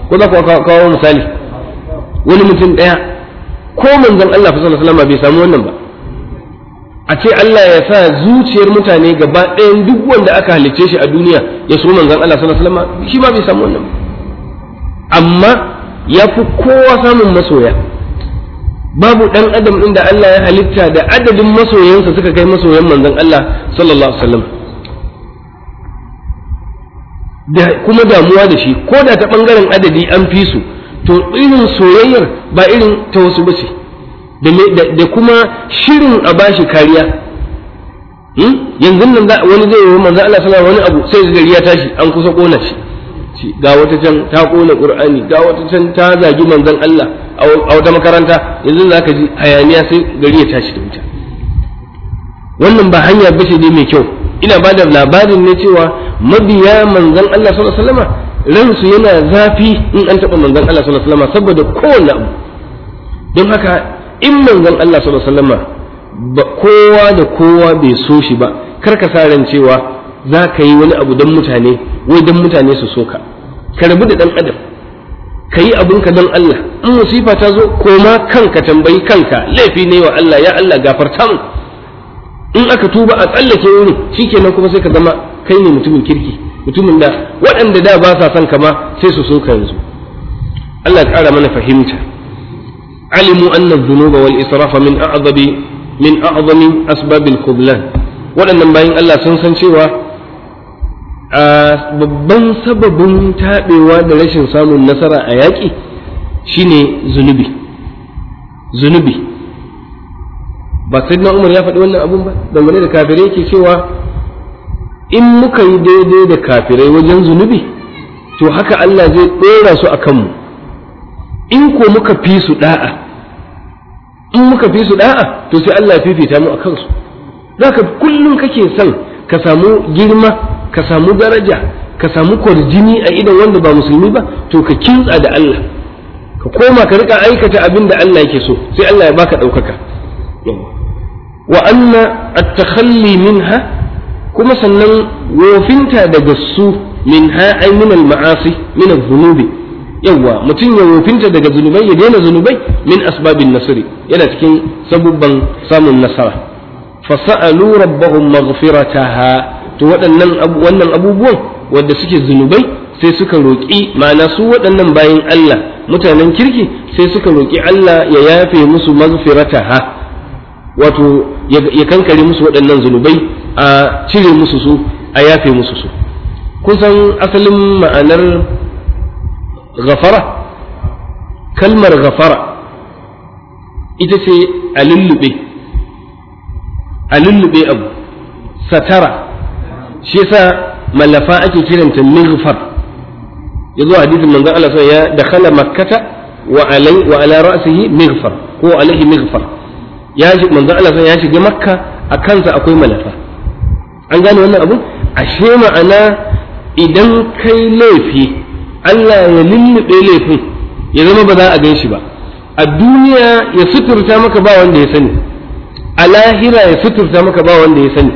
ko za ku kawo misali wani mutum ɗaya ko manzon Allah fa sallallahu alaihi wasallam bai samu wannan ba a ce Allah ya sa zuciyar mutane gaba ɗayan duk wanda aka halicce shi a duniya ya so manzan Allah sallallahu alaihi shi ba bai samu wannan amma ya fi kowa samun masoya babu ɗan adam ɗin da Allah ya halitta da adadin masoyansa suka kai masoyan manzan Allah sallallahu alaihi wasallam da kuma damuwa da shi ko da ta ɓangaren adadi an fi su to irin soyayyar ba irin ta wasu ba ce da kuma shirin a bashi kariya hmm? yanzu nan wani zai yi manzo Allah sallallahu wani abu sai gari ya tashi an kusa kona shi ga wata can ta kona qur'ani ga wata can ta zagi manzon Allah a wata makaranta yanzu zaka ji hayaniya sai gari ya tashi da wuta wannan ba hanya bace ne mai kyau ina ba da labarin ne cewa mabiya manzon Allah sallallahu alaihi wasallam ransu yana zafi in an taɓa manzon Allah sallallahu alaihi wasallam saboda kowanne abu don haka in manzon Allah sallallahu alaihi wasallam kowa da kowa bai so shi ba kar ka sa ran cewa za ka yi wani abu don mutane wai don mutane su so ka ka rabu da dan adam ka yi ka don Allah in musifa ta zo ko ma kanka tambayi kanka laifi ne wa Allah ya Allah gafarta mu in aka tuba a tsallake wuri shikenan kuma sai ka zama kai ne mutumin kirki mutumin da waɗanda da ba sa son kama sai su so ka yanzu Allah ya ƙara mana fahimta alimu anna dhunuba israfa min a'zabi min a'zami asbabil waɗannan bayan Allah sun san cewa a babban sababin taɓewa da rashin samun nasara a yaƙi shine zunubi zunubi ba sai na umar ya faɗi wannan abun ba dangane da kafirai ke cewa in muka yi daidai da kafirai wajen zunubi to haka Allah zai ɗora su a kanmu in ko muka fi su da'a in muka fi su da'a to sai Allah ya fifita mu a kansu zaka kullum kake son ka samu girma ka samu daraja ka samu kwarjini a idan wanda ba musulmi ba to ka kintsa da Allah ka koma ka rika aikata abin da Allah yake so sai Allah ya baka ɗaukaka wa anna at-takhalli minha kuma sannan wofinta daga su minha ay min al-ma'asi min al dhunubi yawa mutum ya wofinta daga zunubai ya daina zunubai min asbabin nasiri yana cikin sabubban samun nasara fasa'alu rabbahum maghfirataha to waɗannan wannan abubuwan wanda suke zunubai sai suka roƙi ma'ana su waɗannan bayan Allah mutanen kirki sai suka roƙi Allah ya yafe musu maghfirataha wato ya kankare musu waɗannan zunubai a cire musu su a yafe musu su kusan asalin ma'anar ghafara kalmar ghafara ita ce a lullube a lullube abu satara shi yasa malafa ake kiranta mighfar a hadisin manzo Allah sai ya dakhala makkata wa alai wa ala ra'sihi mighfar ko alaihi mighfar ya ya shiga makka a kansa akwai malafa an gane wannan abu ashe ma'ana idan kai laifi Allah ya lullube laifin ya zama ba za a gan shi ba a duniya ya suturta maka ba wanda ya sani a lahira ya suturta maka ba wanda ya sani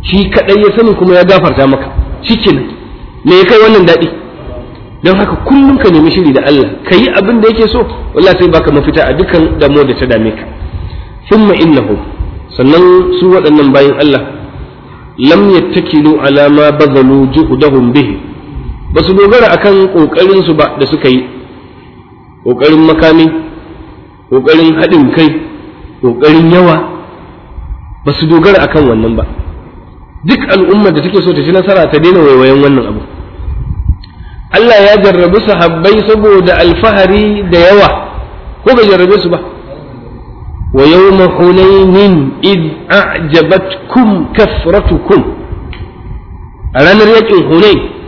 shi kadai ya sani kuma ya gafarta maka shi ke me ya kai wannan daɗi don haka kullum ka nemi shiri da Allah ka yi abin da yake so wallah sai baka mafita a dukkan damo da ta dame ka thumma innahum sannan su waɗannan bayan Allah lam yattakilu ala ma bazalu juhdahum bihi ba su dogara a kan ƙoƙarinsu ba da suka yi ƙoƙarin makami ƙoƙarin haɗin kai ƙoƙarin yawa ba su dogara a kan wannan ba duk al'ummar da take so ta ci nasara ta daina waiwayen wannan abu Allah ya jarrabi sahabbai saboda alfahari da yawa ko bai jarrabe su ba wa yawma hunainin id a'jabatkum kasratukum a ranar yakin hunain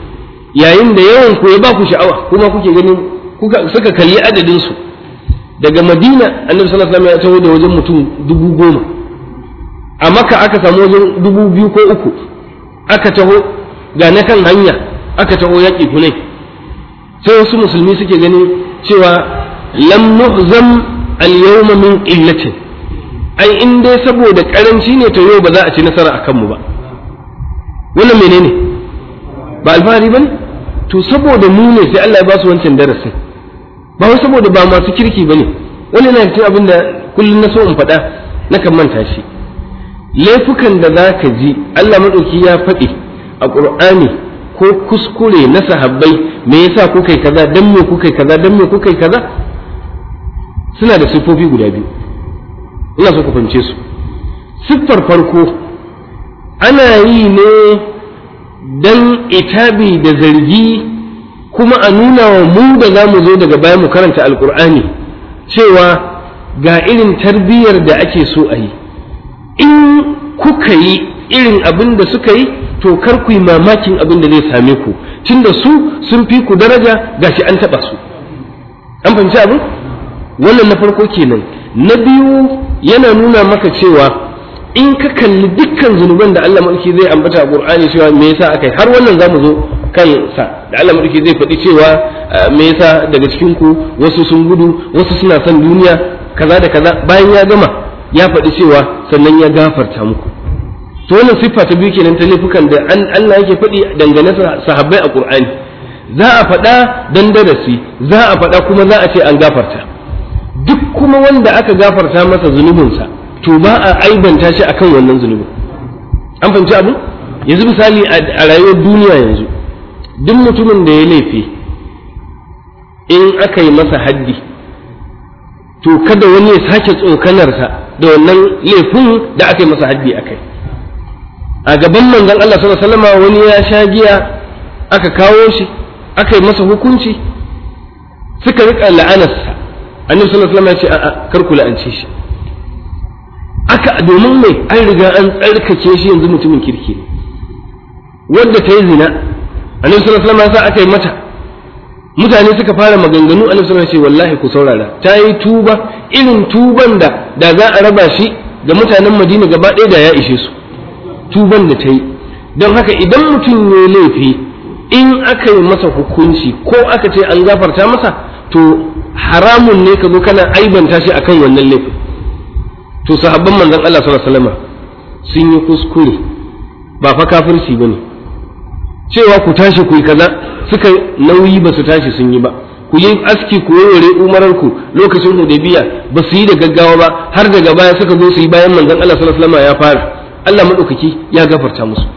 yayin da yawan ku ya ba ku sha'awa kuma kuke ganin kuka suka kalli adadin su daga Madina Annabi sallallahu alaihi wasallam ya taho da wajen mutum dubu goma a Makka aka samu wajen dubu biyu ko uku aka taho ga na kan hanya aka taho yaƙi kunai sai wasu musulmi suke ganin cewa lam nuhzam al-yawma min illati ai in dai saboda karanci ne to yau ba za a ci nasara akan mu ba wannan menene ba alfahari bane to saboda mu ne sai Allah ya ba su wancan darasin ba wai saboda ba masu kirki ba ne wani na cikin abin da kullum na so in faɗa na kan manta shi laifukan da za ka ji Allah maɗauki ya faɗi a ƙur'ani ko kuskure na sahabbai me yasa ku kai kaza dan me kuka kai kaza dan me ku kai kaza suna da sifofi guda biyu ina so ku fahimce su siffar farko ana yi ne Dan itabi da zargi kuma a nuna wa mu da za mu zo daga baya mu karanta alkur'ani cewa ga irin tarbiyyar da ake so a yi in kuka yi irin abin da suka yi to kar ku yi mamakin abin da zai same ku tunda su sun fi ku daraja gashi an taɓa su an fahimci abin wannan na farko kenan na biyu yana nuna maka cewa in ka kalli dukkan zunuban da Allah mulki zai ambata a Qur'ani cewa me yasa akai har wannan zamu zo kan sa da Allah mulki zai faɗi cewa ah, me yasa daga cikin ku wasu sun gudu wasu suna son duniya kaza da kaza bayan ya gama ya faɗi cewa sannan ya gafarta muku to wannan siffa ta biyu kenan ta laifukan da Allah yake faɗi dangane sahabbai a Qur'ani za a faɗa dan darasi za a faɗa kuma za a ce an gafarta duk kuma wanda aka gafarta masa zunubinsa to ba a aibanta shi akan wannan zunubin an fahimci abu yanzu misali a rayuwar duniya yanzu duk mutumin da ya laifi in aka yi masa haddi to kada wani ya sake tsokanarsa da wannan laifin da aka yi masa haddi a kai a gaban manzon Allah sallallahu alaihi wasallam wani ya sha giya aka kawo shi aka yi masa hukunci suka rika la'anarsa annabi sallallahu alaihi wasallam ya ce a'a kar ku la'ance shi aka domin mai an riga an tsarkake shi yanzu mutumin kirki ne wanda ta yi zina annabi sallallahu alaihi wasallam aka yi mata mutane suka fara maganganu annabi sallallahu alaihi wallahi ku saurara ta yi tuba irin tuban da da za a raba shi ga mutanen Madina gaba ɗaya da ya ishe su tuban da ta yi don haka idan mutum ya laifi in aka yi masa hukunci ko aka ce an gafarta masa to haramun ne ka zo kana aibanta shi akan wannan laifin to sahabban manzon Allah sallallahu alaihi wasallam sun yi kuskure ba fa kafirci bane cewa ku tashi ku yi kaza suka nauyi ba su tashi sun yi ba ku yi aski ku warware umarar ku lokacin hudabiya ba su yi da gaggawa ba har daga baya suka zo su yi bayan manzon Allah sallallahu alaihi wasallam ya fara Allah madaukaki ya gafarta musu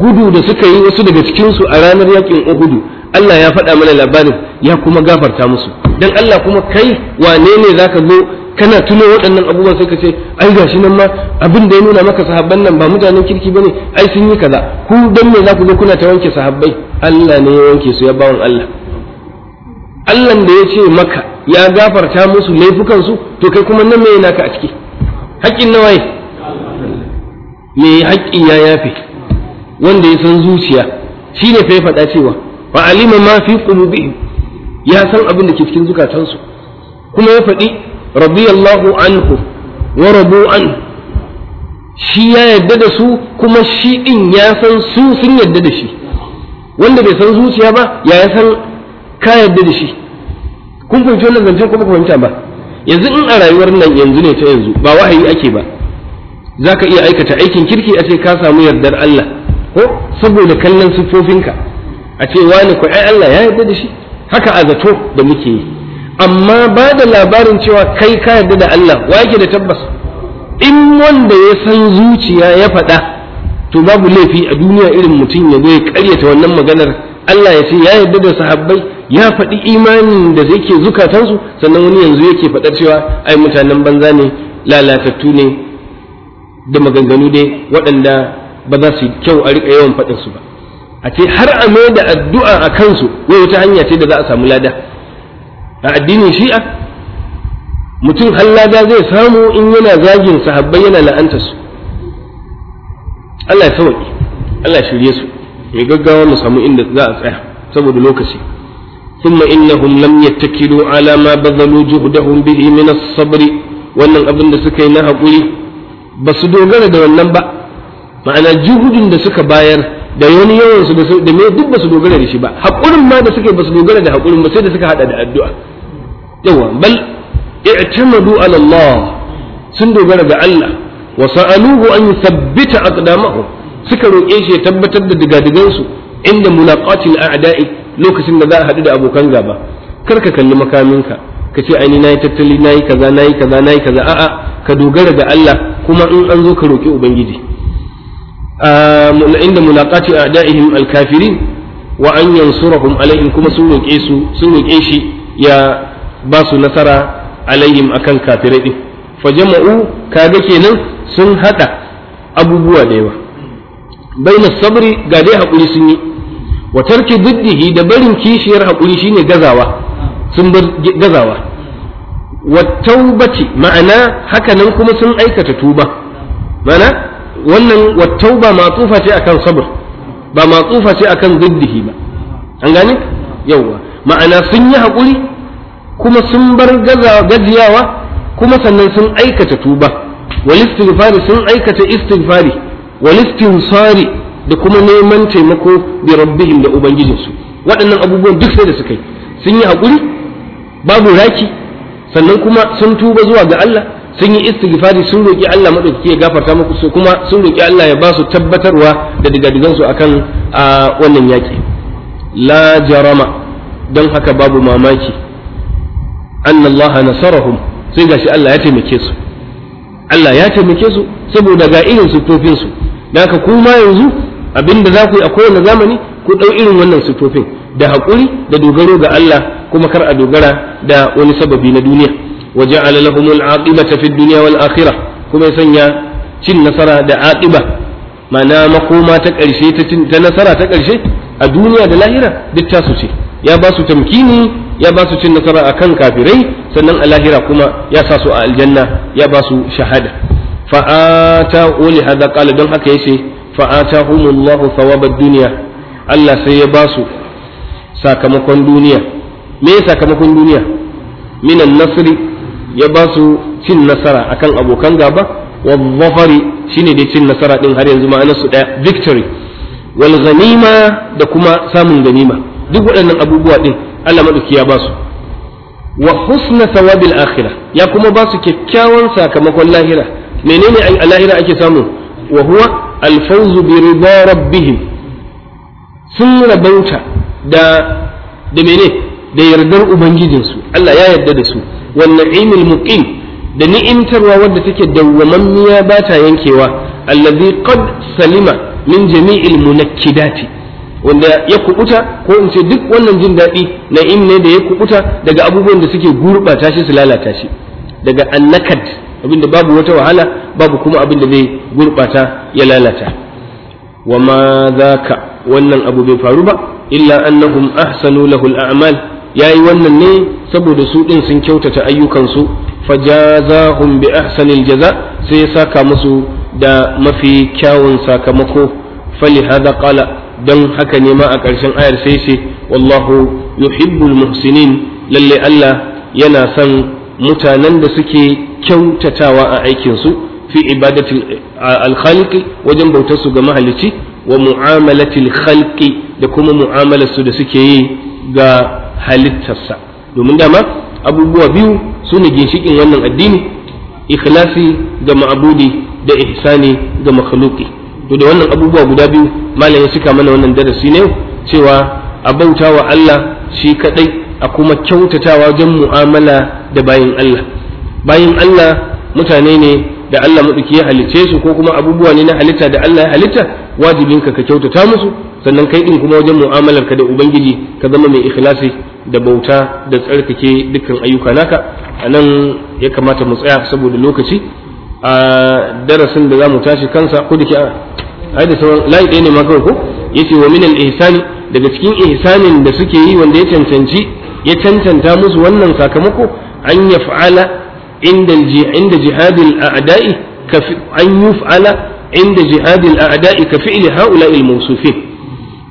gudu da suka yi wasu daga cikin su a ranar yakin Uhud Allah ya faɗa mana labarin ya kuma gafarta musu dan Allah kuma kai wane ne zaka zo kana tuno waɗannan abubuwan sai ka ce ai gashi nan ma abin da ya nuna maka sahabban nan ba mutanen kirki bane ai sun yi kaza ku dan me za ku zo kuna ta wanke sahabbai Allah ne ya wanke su ya bawon Allah Allah da ya ce maka ya gafarta musu laifukan su to kai kuma nan me yana ka a ciki haƙƙin waye? me haƙƙi ya yafe wanda ya san zuciya shine fa ya faɗa cewa fa alima ma fi qulubihim ya san abin da ke cikin zukatansu kuma ya faɗi radiyallahu anhu wa rabu an shi ya yadda da su kuma shi din ya san su sun yadda da shi wanda bai san zuciya ba ya ya san ka yadda da shi kun fahimci wannan zancen ko ba fahimta ba yanzu in a rayuwar nan yanzu ne ta yanzu ba wahayi ake ba za ka iya aikata aikin kirki a ce ka samu yardar Allah ko saboda kallon siffofinka a ce wani ku Allah ya yarda da shi haka a zato da muke yi amma ba da labarin cewa kai ka yarda da Allah wa yake da tabbas in wanda ya san zuciya ya faɗa to babu laifi a duniya irin mutum ya zo ya ƙaryata wannan maganar Allah ya ce ya yarda da sahabbai ya faɗi imanin da yake zukatansu sannan wani yanzu yake faɗa cewa ai mutanen banza ne lalatattu ne da maganganu dai waɗanda ba za su kyau a riƙa yawan faɗin su ba a ce har a mai da addu'a a kansu wai wata hanya ce da za a samu lada a addinin shi'a mutum hallada zai samu in yana zagin sahabbai yana la'anta Allah ya sauki Allah shirye su mai gaggawa mu samu inda za a tsaya saboda lokaci ثم إنهم لم يتكلوا على ما بذلوا جهدهم به من الصبر wannan abin da suka yi na hakuri. ba su dogara da wannan ba ma'ana juhudin da suka bayar da wani yawan su da me duk basu dogara da shi ba hakurin ma da suke basu dogara da hakurin ba sai da suka hada da addu'a yawa bal i'tamadu ala Allah sun dogara ga Allah wa sa'aluhu an yuthabbita aqdamahum suka roƙe shi ya tabbatar da digadigan su inda mulaqatil a'da'i lokacin da za a hadu da abokan gaba kar ka kalli makaminka ka ce ni nayi tattali nayi kaza nayi kaza nayi kaza a'a ka dogara ga Allah kuma in an zo ka roki ubangiji inda mulaqati a al-kafirin wa an yansurahum alaihim kuma sun roƙe su sun roƙe shi ya ba su nasara alaihim akan kafirai din fajama'u kaga kenan sun hada abubuwa da yawa baina sabri ga dai hakuri sun yi wa tarki diddihi da barin kishiyar hakuri shine gazawa sun bar gazawa wa taubati ma'ana hakanan kuma sun aikata tuba wannan wattauba matsufa ce akan sabr ba matsufa ce akan ziddihi ba an gane yawwa ma'ana sun yi haƙuri kuma sun bar gajiyawa kuma sannan sun aikata tuba wal sun aikata istighfari wal da kuma neman taimako bi rabbihim da ubangijinsu waɗannan abubuwan duk sai da suka yi sun yi haƙuri babu raki sannan kuma sun tuba zuwa ga Allah sun yi istighfari sun roki Allah madaukaki ya gafarta muku su kuma sun roki Allah ya ba su tabbatarwa da digadigan su akan wannan yaki la jarama don haka babu mamaki anna Allah nasarahum sai gashi Allah ya taimake su Allah ya taimake su saboda ga irin sufofin su dan haka kuma yanzu abinda za ku yi a kowane zamani ku ɗau irin wannan sufofin da hakuri da dogaro ga Allah kuma kar a dogara da wani sababi na duniya wajen ja'ala lahum tafi aqibata fi kuma ya sanya cin nasara da aqiba ma'ana makoma ta ƙarshe ta nasara ta ƙarshe a duniya da lahira duk ya ba su tamkini ya ba su cin nasara a kan kafirai sannan a lahira kuma ya sa su a aljanna ya ba su shahada fa'ata uli hadha qala don haka yace fa'atahumullahu thawabad dunya Allah sai ya ba su sakamakon duniya me sakamakon duniya minan nasri ya ba su cin nasara akan abokan gaba wa zafari shine dai cin nasara din har yanzu ma'anar su daya victory wal ganima da kuma samun ganima duk waɗannan abubuwa din Allah madauki ya ba su wa husna sawabil akhirah ya kuma ba su kyakkyawan sakamakon lahira menene a lahira ake samu wa huwa al fawzu bi ridha rabbihim sun rabanta da da mene da yardar ubangijinsu Allah ya yarda da su Wannan na'imil muqim da ni'imtarwa wadda take dawwamammiya ba ta yankewa allazi qad salima min jami'il dati. wanda ya kubuta ko in ce duk wannan jin daɗi na'im ne da ya kubuta daga abubuwan da suke gurɓata shi su lalata shi daga annakad abinda babu wata wahala babu kuma abin da zai gurɓata ya lalata wa ma ka wannan abu bai faru ba illa annahum ahsanu lahul a'mal ya yi wannan ne saboda su ɗin sun kyautata ayyukansu fajazahum bi ahsanil jaza sai ya saka musu da mafi kyawun sakamako fali hada qala don haka ne ma a ƙarshen ayar sai ce wallahu yuhibbul muhsinin lalle Allah yana son mutanen da suke kyautatawa a aikinsu fi ibadatil alkhalqi wajen bautar su ga mahalicci wa mu'amalatil khalqi da kuma mu'amalar su da suke yi ga halittarsa domin dama abubuwa biyu su ne ginshikin wannan addini ikhlasi ga ma'abudi da ihsani ga makhluki to da wannan abubuwa guda biyu malam ya cika mana wannan darasi ne cewa a bauta wa Allah shi kadai a kuma kyautatawa wajen mu'amala da bayin Allah bayin Allah mutane ne da Allah maɗauki ya halicce su ko kuma abubuwa ne na halitta da Allah ya halitta wajibinka ka kyautata musu sannan kai din kuma wajen mu'amalar ka da ubangiji ka zama mai ikhlasi da bauta da tsarkake dukkan ayyuka naka a nan ya kamata mu tsaya saboda lokaci a darasin da za mu tashi kansa ko da ke ai da sauran layi ɗaya ne ma kawai ko yace wa minan ihsani daga cikin ihsanin da suke yi wanda ya cancanci ya cancanta musu wannan sakamako an yaf'ala inda inda jihadil a'da'i an yuf'ala inda jihadil a'da'i ka fi'li ha'ula'il mawsufin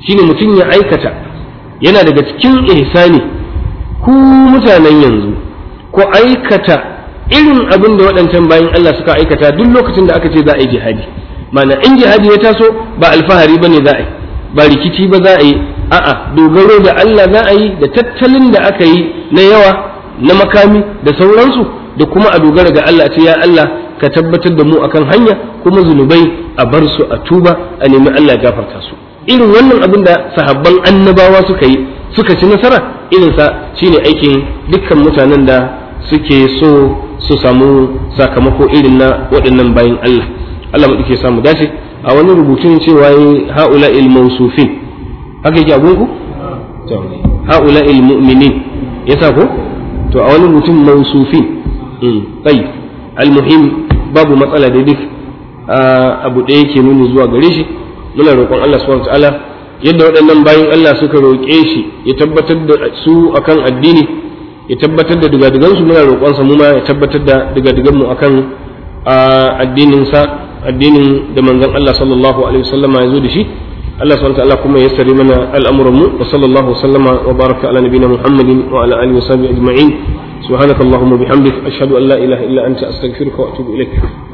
shine mutum ya aikata yana daga cikin ihsani ku mutanen yanzu ku aikata irin abin da waɗancan bayan Allah suka aikata duk lokacin da aka ce za a yi jihadi mana in jihadi ya taso ba alfahari ba ne za a yi ba rikici ba za a yi a'a dogaro da Allah za a yi da tattalin da aka yi na yawa na makami da sauransu da kuma a dogara ga Allah ce ya Allah ka tabbatar da mu akan hanya kuma zunubai a bar su a tuba a nemi Allah ya gafarta su irin wannan abin da sahabban annabawa suka yi suka ci nasara irinsa shine aikin dukkan mutanen da suke so su samu sakamako irin na waɗannan bayan Allah Allah muke samu dace a wani rubutun cewa yi ha'ula ilmausufin haka yake ku? ha'ula ilmuminin ya sa ko? to a wani rubutun in tsayi hmm, almuhim babu matsala da duk ah, abu ɗaya yake nuni zuwa gare shi muna roƙon Allah subhanahu ta'ala yadda waɗannan bayin Allah suka roƙe shi ya tabbatar da su akan addini ya tabbatar da dugadugan su muna roƙon sa mu ma ya tabbatar da dugadugan mu akan addinin sa addinin da manzon Allah sallallahu alaihi wasallam ya zo da shi Allah subhanahu ta'ala kuma ya sari mana al'amuran mu wa sallallahu sallama wa baraka ala nabiyina Muhammadin wa ala alihi wa sahbihi ajma'in subhanakallahumma bihamdika ashhadu an la ilaha illa anta astaghfiruka wa atubu ilaik